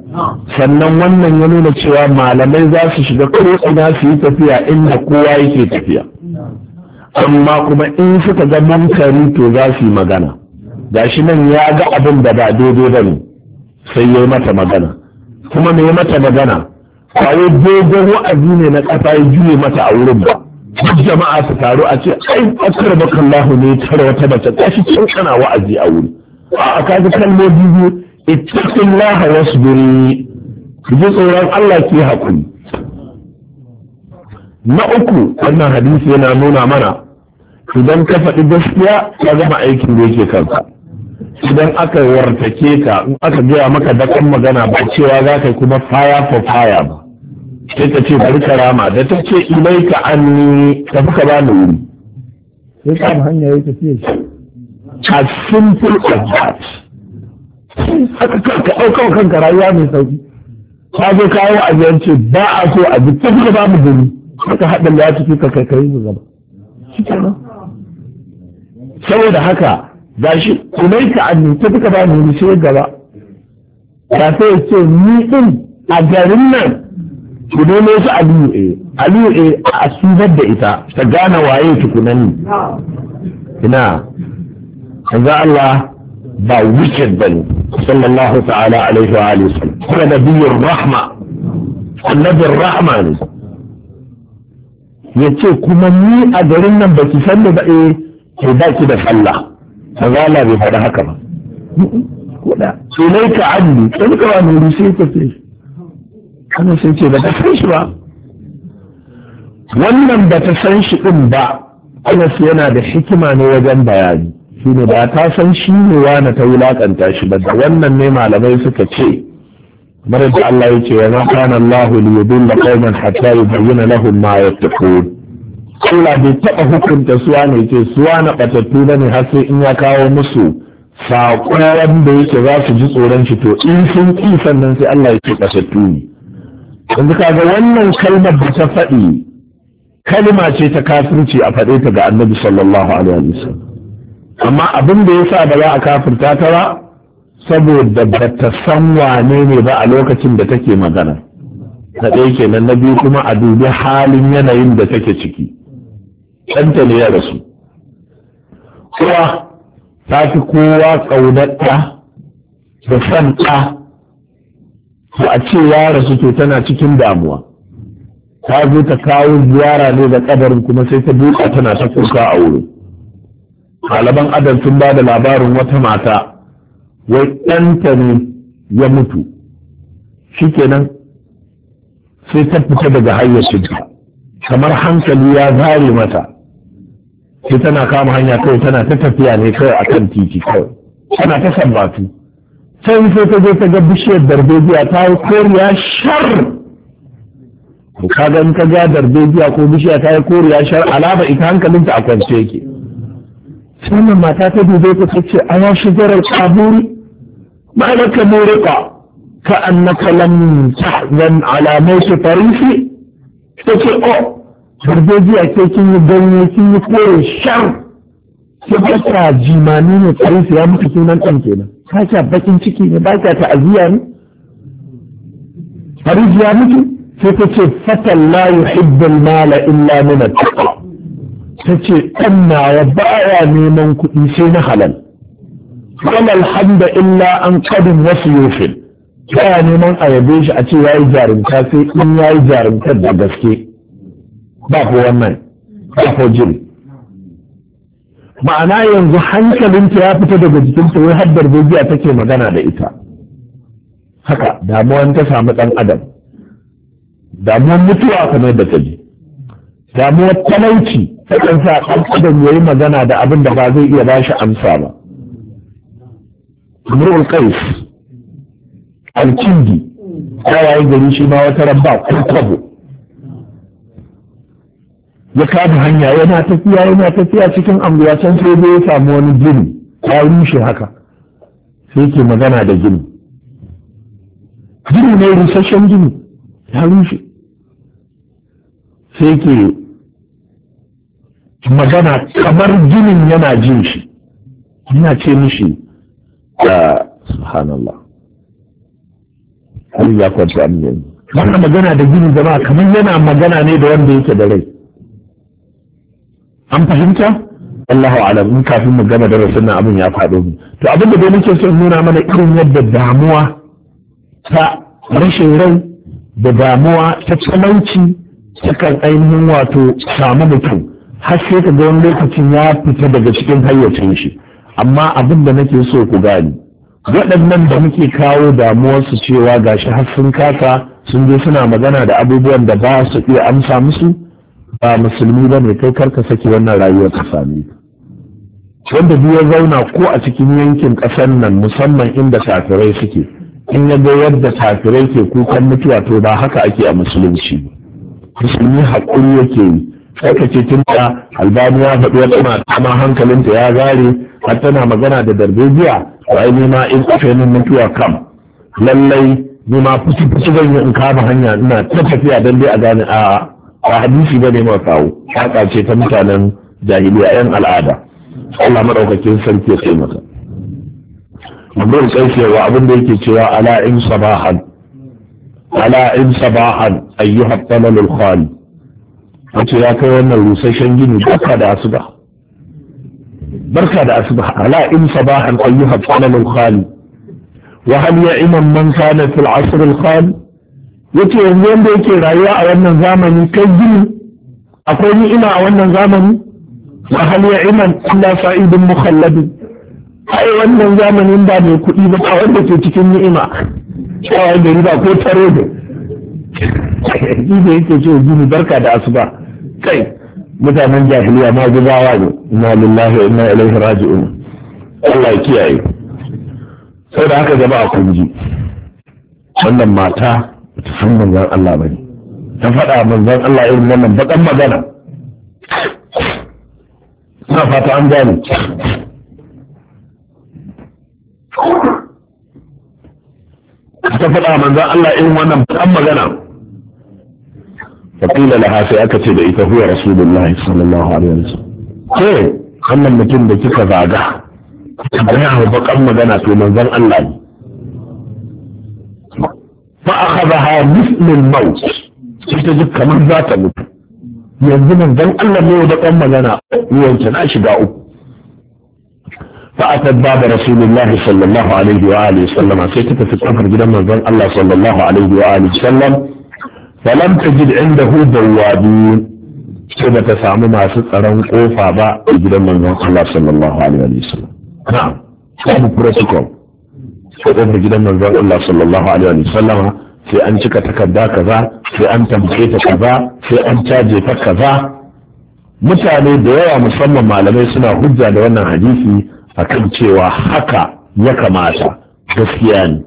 sannan wannan ya nuna cewa malamai za su shiga ko su yi tafiya inda kowa yake tafiya amma kuma in suka ga munkari to za su yi magana gashi nan ya ga abin da ba daidai ba ne sai ya yi mata magana kuma mai mata magana kwaye dogon wa'azi ne na ƙasa ya juye mata a wurin ba duk jama'a su taru a ce ai akar bakan lahu ne tara wata mace kashi cin kana wa'azi a wuri a kaji kalmomi biyu ittaqin laha wasbiri ji tsoron Allah ke hakuri na uku wannan hadisi yana nuna mana idan ka faɗi gaskiya ka gama aikin da yake kanka idan aka wartake ka in aka gaya maka dakan magana ba cewa za ka kuma faya for faya ba sai ka ce bari karama da ta ce ilai ka anni tafi ka bani wuri sai ka hanya yake fiye shi a simple as that aka ka ɗaukar kanka rayuwa mai sauki ka zo kawo a ce ba a so a ji tafi ka ba mu gani aka haɗa ya tafi ka kai mu gaba shi kenan saboda haka ga shi kumai ka amince duka ba mu shi gaba ba sai ya ce ni din a garin nan ku ne su aliyu a aliyu a a sunar da ita ta gane waye tukunan ni ina za Allah ba wicked bane sallallahu ta'ala alaihi wa alihi wasallam kuma nabiyyur rahma annabin rahma ne ya ce kuma ni a garin nan ba ki san ba eh ke ba ki da sallah ba za la bai faɗi haka ba kuɗa sai lai ka addu sai ka ba nuri sai ka ce kana sai ce ba ta san shi ba wannan ba ta san shi ɗin ba Anas yana da hikima ne wajen bayani shine ba ta san shi ne wani ta wulakanta shi ba da wannan ne malamai suka ce kamar da Allah ya ce wa ma kana Allah li yudilla qauman hatta yubayyana lahum ma yattaqun Allah bai taɓa hukunta suwa ne ce suwa na ɓatattu ba ne har sai in ya kawo musu saƙon wanda yake za su ji tsoron shi to in sun ƙi sannan sai Allah ya ce ɓatattu ne. Yanzu kaga wannan kalmar da ta faɗi kalma ce ta kafirci a faɗe ta ga annabi sallallahu alaihi wa sallam. Amma abin da ya sa ba za a kafirta ta ba saboda ba ta san wane ne ba a lokacin da take magana. Na ɗaya kenan na biyu kuma a dubi halin yanayin da take ciki. ɗanta ne ya rasu uwa ta fi kowa ƙaunarta da son ɗa a ce ya rasu to tana cikin damuwa ta zo ta kawo ziyara ne da ƙadarin kuma sai ta duka tana ta kuka a wurin malaman adam sun ba da labarin wata mata wai ɗanta ne ya mutu shikenan sai ta fita daga hayyacinta kamar hankali ya zare mata sai tana kama hanya kawai tana ta tafiya ne kawai a kan titi kawai tana ta sambatu sai sai ta je ta ga bishiyar darbejiya ta yi koriya shar to kaga ka ga darbejiya ko bishiya ta yi koriya shar alama ita hankalinta a kwance yake sai wannan mata ta dube ta ta ce a ya shigarar kaburi ma'anaka murika ka annaka lam tahzan alamai su tarifi ta ce oh gargajiya ke kin yi ganye kin yi kore shar ke baka jimani ne tsarinsa ya mutu sunan ɗan kenan ba kya bakin ciki ne ba kya ta'aziyya ne Fariji ya mutu sai ta ce fatan la yuhibbul mala illa min taqwa ta ce ɗan ba baya neman kuɗi sai na halal wal alhamda illa an qadin wasu yufil baya neman a yabe shi a ce yayi jarumta sai in yayi jarumtar da gaske ba ko wannan ba ko jin ma'ana yanzu hankalinta ya fita daga jikinta wai haddar zuciya take magana da ita haka damuwan ta samu ɗan adam damuwar mutuwa kamar da ta damuwar talauci ta kan sa ɗan adam ya yi magana da abin da ba zai iya ba shi amsa ba Amrul Qais Alkindi ya yayi gari shi ma wata rabba ba kwabo ya kama hanya yana tafiya yana tafiya cikin anguwa can sai zai ya samu wani gini ya rushe haka sai ke magana da gini gini ne rusasshen gini ya rushe sai ke magana kamar ginin yana jin shi yana ce mishi Ya subhanallah har ya kwanta wannan magana da gini zama kamar yana magana ne da wanda yake da rai an fahimta Allahu alam in kafin mu gama darasin nan abin ya faɗo mu to abin da dai muke so nuna mana irin yadda damuwa ta rashin rai da damuwa ta talauci sukan ainihin wato samu mutum har sai ka ga wani lokacin ya fita daga cikin hayyacin shi amma abin da nake so ku gani waɗannan da muke kawo damuwarsu cewa gashi har sun kasa sun je suna magana da abubuwan da ba su iya amsa musu ba musulmi ba ne kai karka saki wannan rayuwar ka sami wanda biyu ya zauna ko a cikin yankin ƙasar nan musamman inda safirai suke in ya ga yadda safirai ke kukan mutuwa to ba haka ake a musulunci musulmi haƙuri yake yi sai ce tunta albani ya faɗi wata mata ma hankalinta ya gare har tana magana da darbejiya to ai ma in kafe min mutuwa kam lallai ni ma fusu fusu zan yi in kama hanya ina ta tafiya don dai a gane a ba hadisi ba ne ma kawo haka ce ta mutanen jahiliya yan al'ada Allah madaukakin sarki ya sai mata Abdul Qaisiyarwa abin da yake cewa ala in sabahan ala in sabahan ayyuha talalul khali wace ya kai wannan rusashen gini barka da asuba barka da asuba ala in sabahan ayyuha talalul khali wa hal ya iman man kana fil asr al khali yace yanzu yanda yake rayuwa a wannan zamani kai gini akwai ina a wannan zamani wa hal ya'iman illa sa'idun mukhalladin ai wannan zamanin ba mai kuɗi ba a wanda ke cikin ni'ima cewa gari ba ko tare da shi da yake ce gini barka da asuba kai mutanen jahiliya ma gubawa ne inna lillahi wa inna ilaihi raji'un Allah ya kiyaye sai da haka jama'a kun ji wannan mata san manzan Allah bane ta faɗa manzan Allah irin wannan baƙan magana na fata an gane ta faɗa manzan Allah irin wannan baƙan magana faƙila laha sai aka ce da ita huwa rasulullahi sallallahu alaihi wasallam ke wannan mutum da kika zaga bayan baƙan magana to manzan Allah ne فأخذها مثل الموت جد كمان ذات موت ينزل من Allah ألا da أم لنا yanzu أشباء فأتت باب رسول الله صلى الله عليه وآله وسلم سيتك في الأمر جدا من الله صلى الله عليه وآله وسلم فلم تجد عنده بوابين سيدة تسامو ما سترون قوفا با جدا من الله صلى الله عليه وآله وسلم نعم هذا برسكم sakon da gidan manzon Allah sallallahu alaihi wa sallama sai an cika takarda kaza sai an tambaye ta kaza sai an caje ta kaza mutane da yawa musamman malamai suna hujja da wannan hadisi akan cewa haka ya kamata gaskiya ne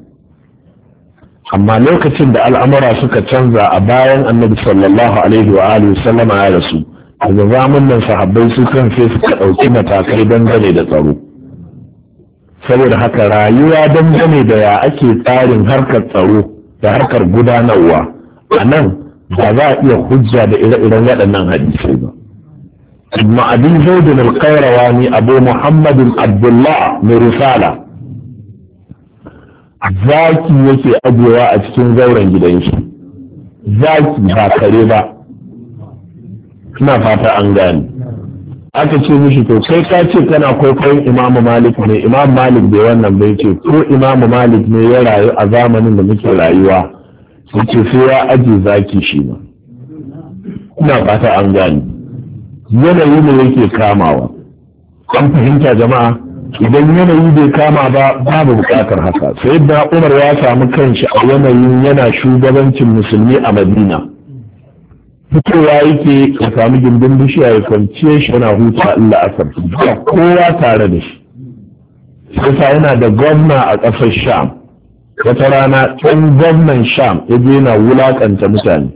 amma lokacin da al'amura suka canza a bayan annabi sallallahu alaihi wa alihi sallama ya rasu daga zamanin sahabbai su kan sai suka ɗauki matakai dangane da tsaro saboda haka rayuwa dangane da ya ake tsarin harkar tsaro da harkar gudanarwa a nan ba za a iya hujja da ire-iren waɗannan hadisai ba amma abin zaudin alkairawa ne abu muhammadin abdullah mai risala zaki yake ajiyewa a cikin zauren gidan shi zaki ba kare ba suna fata an gane aka ce mishi to sai ka ce kana kwaikwayon imamu malik ne imamu malik bai wannan bai ce ko imamu malik ne ya rayu a zamanin da muke rayuwa su ce sai ya aji zaki shi ma ina fata an gani yanayi ne yake kamawa an fahimta jama'a idan yanayi bai kama ba babu bukatar haka sai da umar ya samu kanshi a yanayin yana shugabancin musulmi a madina fitowa yake ya sami gindin bishiya ya kwance shi yana huta Allah asar kowa tare da shi sai yana da gwamna a ƙasar sham wata rana ɗan gwamnan sham ya je yana wulaƙanta mutane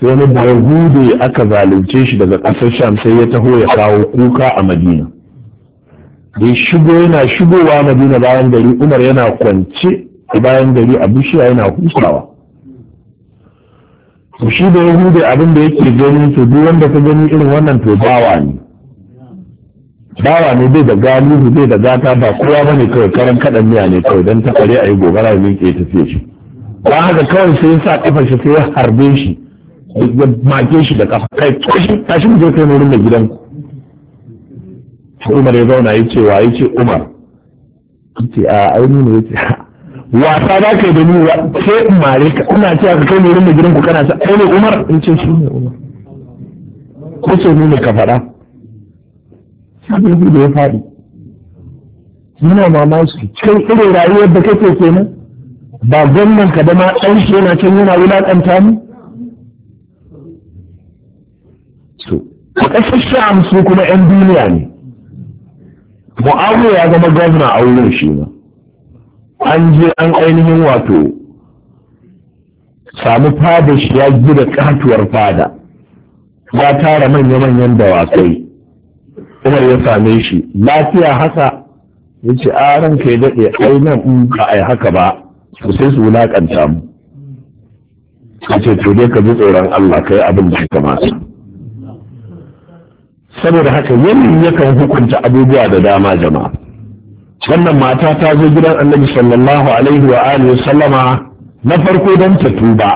sai wani bayahude aka zalunce shi daga ƙasar sham sai ya taho ya kawo kuka a madina da shigo yana shigowa madina bayan gari umar yana kwance bayan gari a bishiya yana hutawa to shi da yahudi abin da yake gani to duk wanda ka gani irin wannan to bawa ne bawa ne bai da galihu bai da gata ba kowa bane kawai karan kadan miya ne kawai dan ta kare ayi gobara ne ke tafiye shi ba haka kawai sai ya sa kafar shi sai ya harbe shi ya make shi da kafa kai tashi tashi mu je kai wurin da gidan Umar ya zauna ya ce wa ya ce Umar ce a aini ya ce wasa za ka yi da ni sai mare ka ina cewa ka kai ne wurin gidan ku kana sa ne Umar in ce shi ne Umar ko so ne ka faɗa sabi da ya faɗi yana mamaki cikin irin rayuwar da kake kenan ba gwamnan ka da ma ɗan shi yana can yana wulaƙanta mu a ƙasar sham su kuma 'yan duniya ne mu'awiya ya zama gwamna a wurin shi ba an je an ainihin wato samu fada shi ya gida katuwar fada ya tara manya-manyan dawakai umar ya same shi lafiya haka ya ce a ranka ya daɗe ainihin in ba a haka ba su sai su wulaƙanta mu a ce to dai ka ji tsoron Allah kai yi abin da ka kamata saboda haka yanayi yakan hukunta abubuwa da dama jama'a wannan mata ta zo gidan annabi sallallahu alaihi wa alihi sallama na farko don ta tuba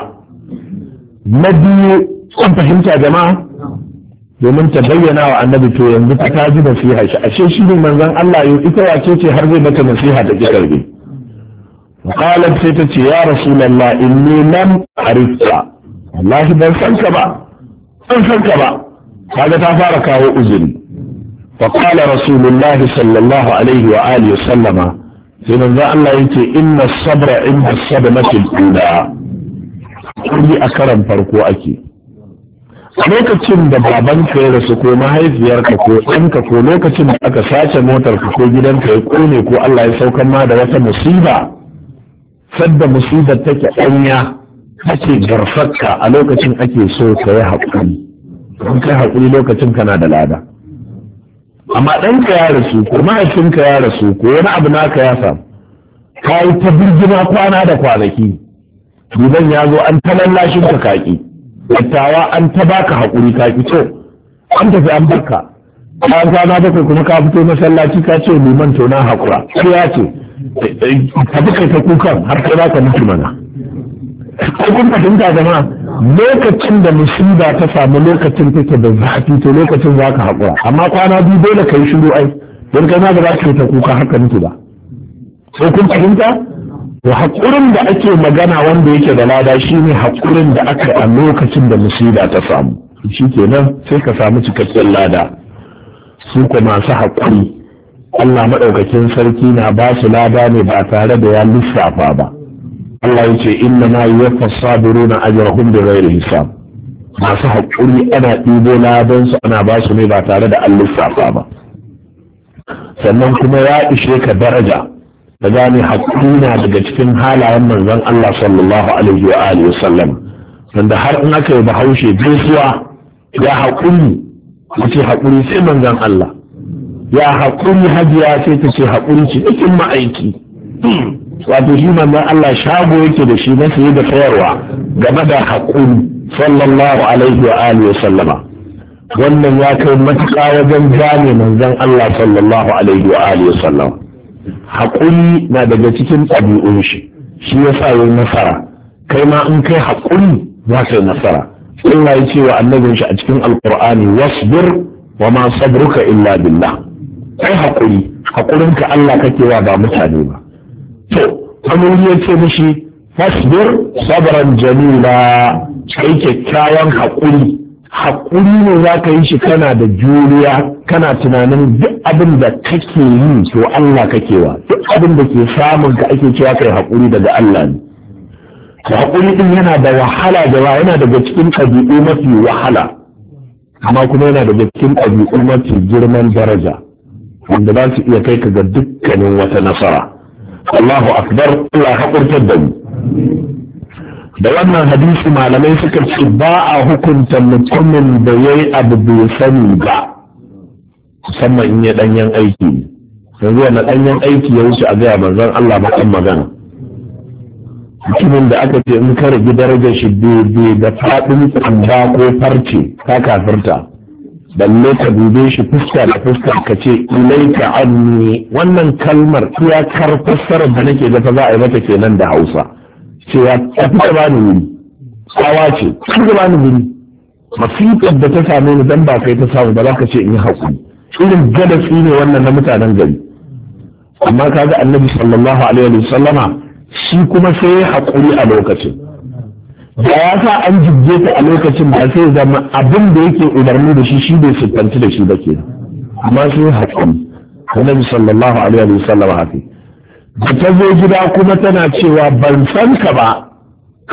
na biyu kun fahimta jama'a domin ta bayyana wa annabi to yanzu ta ta ji nasiha shi ashe shi ne manzon Allah yau ita wace ce har zai mata nasiha da kikar ne qalat sai ta ce ya rasulullah inni lam arifka wallahi ban san ka ba ban san ka ba kaga ta fara kawo uzuri فقال رسول الله صلى الله عليه وآله وسلم sai za Allah ya ce inna sabra inda sadamatin ula kuri a karan farko ake a lokacin da babanka ya rasu ko mahaifiyarka ko ɗanka ko lokacin da aka sace motarka ko gidanka ya kone ko Allah ya saukan ma da wata musiba sadda musibar take ɗanya ake garfakka a lokacin ake so ka yi haƙuri kai haƙuri lokacin kana da lada amma ɗanka ya rasu ko mahaifinka ya rasu ko wani abu naka ya samu ka yi ta birgima kwana da kwanaki duban ya zo an ta lallashin ka kaki dattawa an ta baka haƙuri kaki to an tafi an barka bayan kwana bakwai kuma ka fito masallaci ka ce liman to na haƙura ya ce ka eh, eh, bi kai ta kukan har kai za ka mutu mana kun fahimta jama'a lokacin da musiba ta samu lokacin take da zafi to lokacin za ka haƙura amma kwana biyu dole ka yi shiru ai don kai ma za ka ta kuka haka nake ba sai kun fahimta to haƙurin da ake magana wanda yake da lada shine haƙurin da aka a lokacin da musiba ta samu shi kenan sai ka samu cikakken lada su masu haƙuri Allah maɗaukakin sarki na ba su lada ne ba tare da ya lissafa ba Allah ya ce inna ma yuwaffa sabiruna ajrahum bi ghairi hisab masu haƙuri ana ɗibo ladan su ana ba su ne ba tare da an lissafa ba sannan kuma ya ishe ka daraja da gane haƙuri na daga cikin halayen manzon Allah sallallahu alaihi wa alihi wanda har in aka yi bahaushe gaisuwa ya haƙuri ce haƙuri sai manzon Allah ya haƙuri hajiya sai ta ce haƙuri cikin ma'aiki wato shi manzon Allah shago yake da shi na sayi da sayarwa game da haƙuri sallallahu alaihi wa alihi wa sallama wannan ya kai matuƙa wajen gane manzon Allah sallallahu alaihi wa alihi wa sallama haƙuri na daga cikin ɗabi'un shi shi yasa yayi nasara kai ma in kai haƙuri za ka yi nasara Allah ya ce wa annabin shi a cikin alqur'ani wasbir wa ma sabruka illa billah kai haƙuri haƙurinka Allah kake wa ba mutane ba to amuri ya ce mishi fasbir sabran jamila sai kyakkyawan haƙuri haƙuri ne za ka yi shi kana da juriya kana tunanin duk abin da kake yi to Allah kake wa duk abin da ke samun ka ake cewa kai haƙuri daga Allah ne to haƙuri din yana da wahala da yawa yana daga cikin ɗabi'u mafi wahala amma kuma yana daga cikin ɗabi'u mafi girman daraja wanda za su iya kai ka ga dukkanin wata nasara Allahu akbar Allah hakurtar da mu da wannan hadisi malamai suka ce ba a hukunta mutumin da ya yi abu bai sani ba musamman in ya danyen aiki yanzu yana danyen aiki ya wuce a gaya manzon Allah ba kan magana mutumin da aka ce in ka rage darajar shi daidai da faɗin tsamba ko farce ka kafirta balle ka dube shi fuska da fuska ka ce ilaika anni wannan kalmar iyakar fassarar da nake dafa za a yi mata kenan da hausa cewa tafi ka bani wuri tsawa ce tafi ka bani wuri masifar da ta same ni dan ba kai ta samu ba za ka ce in yi haƙuri irin gadasi ne wannan na mutanen gari amma kaga annabi sallallahu alaihi wa sallama shi kuma sai ya haƙuri a lokacin da ya sa an jibge ta a lokacin ba sai zama abin da yake umarni da shi shi bai siffanci da shi ba ke amma sai haƙi annabi sallallahu alaihi wa sallam haƙi da ta zo gida kuma tana cewa ban san ka ba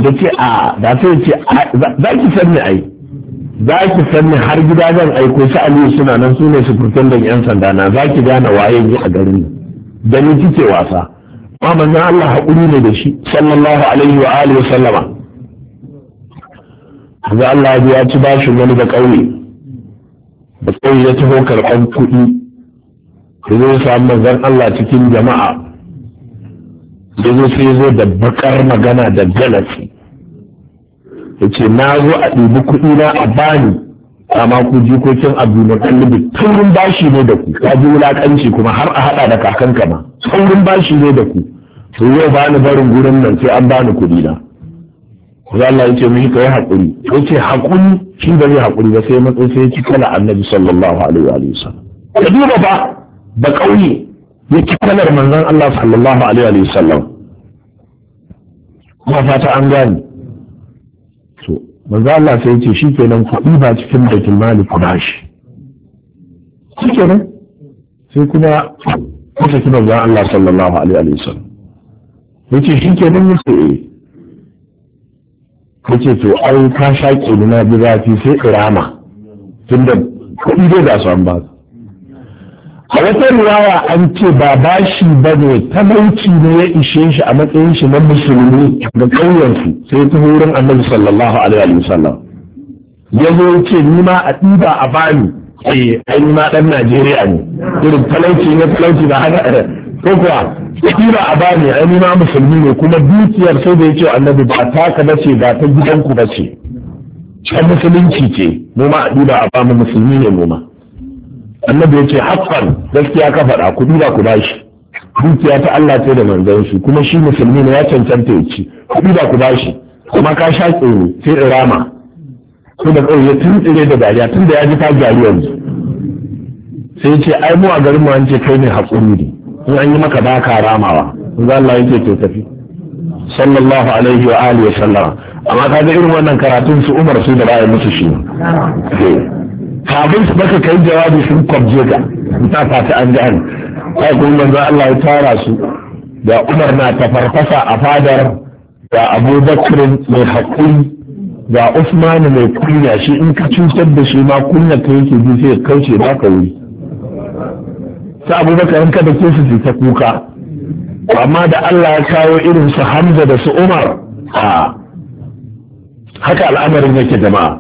da ce a da sai ce za ki san ni ai za ki san ni har gida zan aiko su aliyu suna nan su ne sufurtun da yan sanda na za ki gane waye ni a garin da ni kike wasa amma manzon Allah haƙuri ne da shi sallallahu alaihi wa alihi wa sallama Za Allah ya ci bashin wani da ƙauye da ƙauye ya taho karɓar kuɗi da ya samu manzon Allah cikin jama'a da zai sai zo da bakar magana da galafi ya ce na zo a ɗibi kuɗi na a bani amma ku jikokin abdulmutallib taurin bashi ne da ku ka ji wulakanci kuma har a haɗa da kakanka ma taurin bashi ne da ku to yau bani barin gurin nan sai an bani kuɗi na za Allah ya ce mishi kai haƙuri ya ce haƙuri shi ba zai haƙuri ba sai matsayi sai ya ci kala annabi sallallahu alaihi wa sallam ka duba ba ba ƙauye ya ci kalar manzon Allah sallallahu alaihi wa sallam kuma fata an gani. to manzon Allah sai ya ce shi kenan kuɗi ba cikin baitul mali ku bashi shi kenan sai kuma kusa kina manzon Allah sallallahu alaihi wa sallam yace shi kenan yace eh ya ce to ai ka shaƙe ni na zafi sai irama tun da kuɗi dai da su an ba a wata riwaya an ce ba bashi ba ne talauci ne ya ishe shi a matsayin shi na musulmi ga ƙauyensu sai ta wurin annabi sallallahu alaihi wa sallam ya zo ce ni ma a ɗiba a bani eh ai ni ma ɗan Najeriya ne irin talauci ne talauci ba haka ko kuwa kira a bani ainihin ma musulmi ne kuma dukiyar sai da yake annabi ba taka bace ba ta gidanku bace can musulunci ce mu ma a duba a ba mu musulmi ne mu ma annabi ce hafan gaskiya ka faɗa ku duba ku bashi dukiya ta Allah ce da manzon shi kuma shi musulmi ne ya cancanta ya ci ku duba ku bashi kuma ka sha tsoro sai irama ko da kawai ya tuntsire da dariya tunda ya ji ta gari yanzu sai ce ai mu a garin mu an ce kai ne haƙuri ne in an yi maka baka ramawa in za Allah yake to tafi sallallahu alaihi wa alihi wa sallama amma ka ga irin wannan karatun su Umar su da baya musu shi kafin su baka kai jawabi sun kwabje ka ta fata an ji an kai kuma manzo Allah ya tara su da Umar na tafarfasa a fadar da Abu Bakr mai hakuri da Usman mai kunya shi in ka cutar da shi ma kunya ta yake bi sai ya kauce ba ka wuri ta abubakar in kada ke su ta kuka amma da Allah ya kawo irin su hamza da su umar a haka al'amarin yake jama'a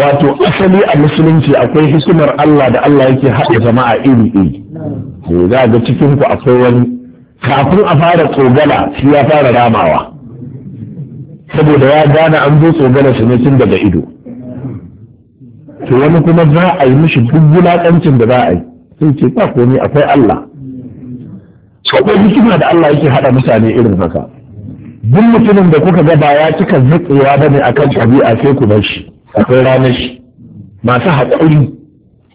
wato asali a musulunci akwai hikimar Allah da Allah yake haɗa jama'a iri iri to za ga cikin ku akwai wani kafin a fara tsogala shi ya fara ramawa saboda ya gane an zo tsogala shi ne tun daga ido to wani kuma za a yi mishi duk wulaƙancin da za a yi sun ce ba komai akwai Allah so ko hikima da Allah yake hada mutane irin haka duk mutumin da kuka ga ba ya cika zuƙewa ba ne akan tabi'a sai ku bar shi akwai ranar shi masu haƙuri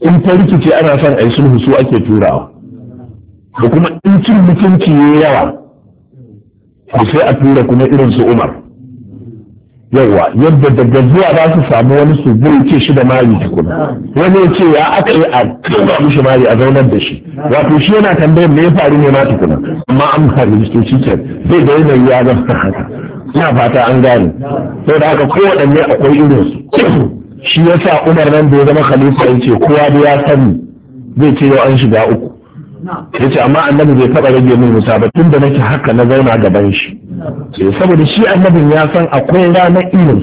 in ta rikice ana son a yi sulhu su ake turawa da kuma in cin mutunci ya yawa to sai a tura kuma irin su Umar yawa yadda daga zuwa za su samu wani su zai ce shi da mari tukuna wani ya ce ya aka yi a kai shi mari a zaunar da shi wato shi yana tambayar me ya faru ne ma tukuna amma an faru shi shi ke zai da yanayi ya zama haka ina fata an gane sai da haka kowaɗanne akwai irin su shi ya sa umar nan da ya zama khalifa ya ce kowa da ya sani zai ce yau an shiga uku ce amma annabi bai taba rage min wuta ba da nake haka na zauna gaban shi saboda shi annabin ya san akwai ranar ilin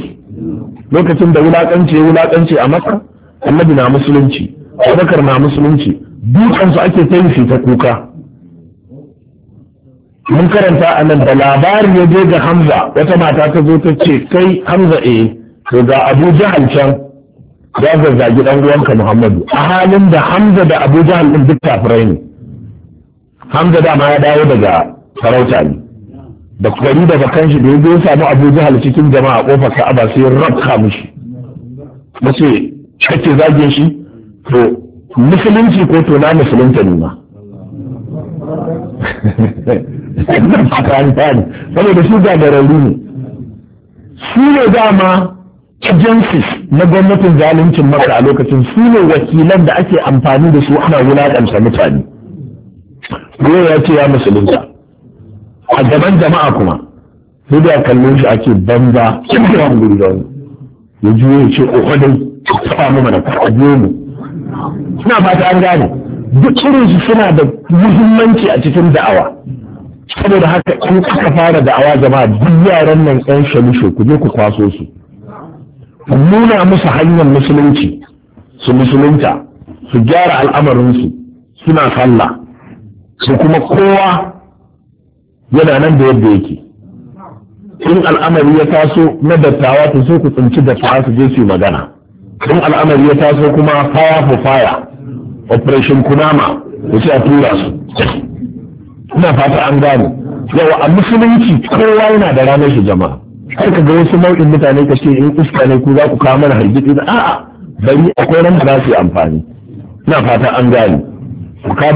lokacin da wulakanci ya a masa annabi na musulunci abubakar na musulunci dukansu ake ta ta kuka mun karanta a nan da labarin ya je ga hamza wata mata ta zo ta ce kai hamza eh to ga abu jahal can ya zazzagi ɗan uwanka muhammadu a halin da hamza da abu jahal ɗin duk kafirai ne hamza dama ya dawo daga sarauta ne da kwari daga kanshi da ya zo samu abu jihar cikin jama'a kofar ka'aba sai rabka mishi mace kake zage shi to musulunci ko to na musulunta ne ma saboda shi gagararru ne su ne dama agencies na gwamnatin zaluncin maka a lokacin su ne wakilan da ake amfani da su ana wulaƙanta mutane yau ya ce ya musulunta a gaban jama'a kuma sai da kallon shi ake banza sun fi wani guri da wani ya juyo ce oho dai taba mu mana a ajiye mu suna fata an gane duk irin su suna da muhimmanci a cikin da'awa saboda haka in aka fara da'awa jama'a duk yaran nan ɗan shalisho ku je ku kwaso su ku nuna musu hanyar musulunci su musulunta su gyara al'amarinsu suna sallah su kuma kowa yana nan da yadda yake in al'amari ya taso na dattawa ta so ku tsinci dattawa su je su yi magana in al'amari ya taso kuma faya for faya operation kunama ku ce a tura su ina fata an gane yawa a musulunci kowa yana da ranar shi jama'a har ka ga wasu nau'in mutane ka ce in iska ne ku za ku kawo mana hargitsi a'a bari akwai ran da za su yi amfani ina fata an gane ku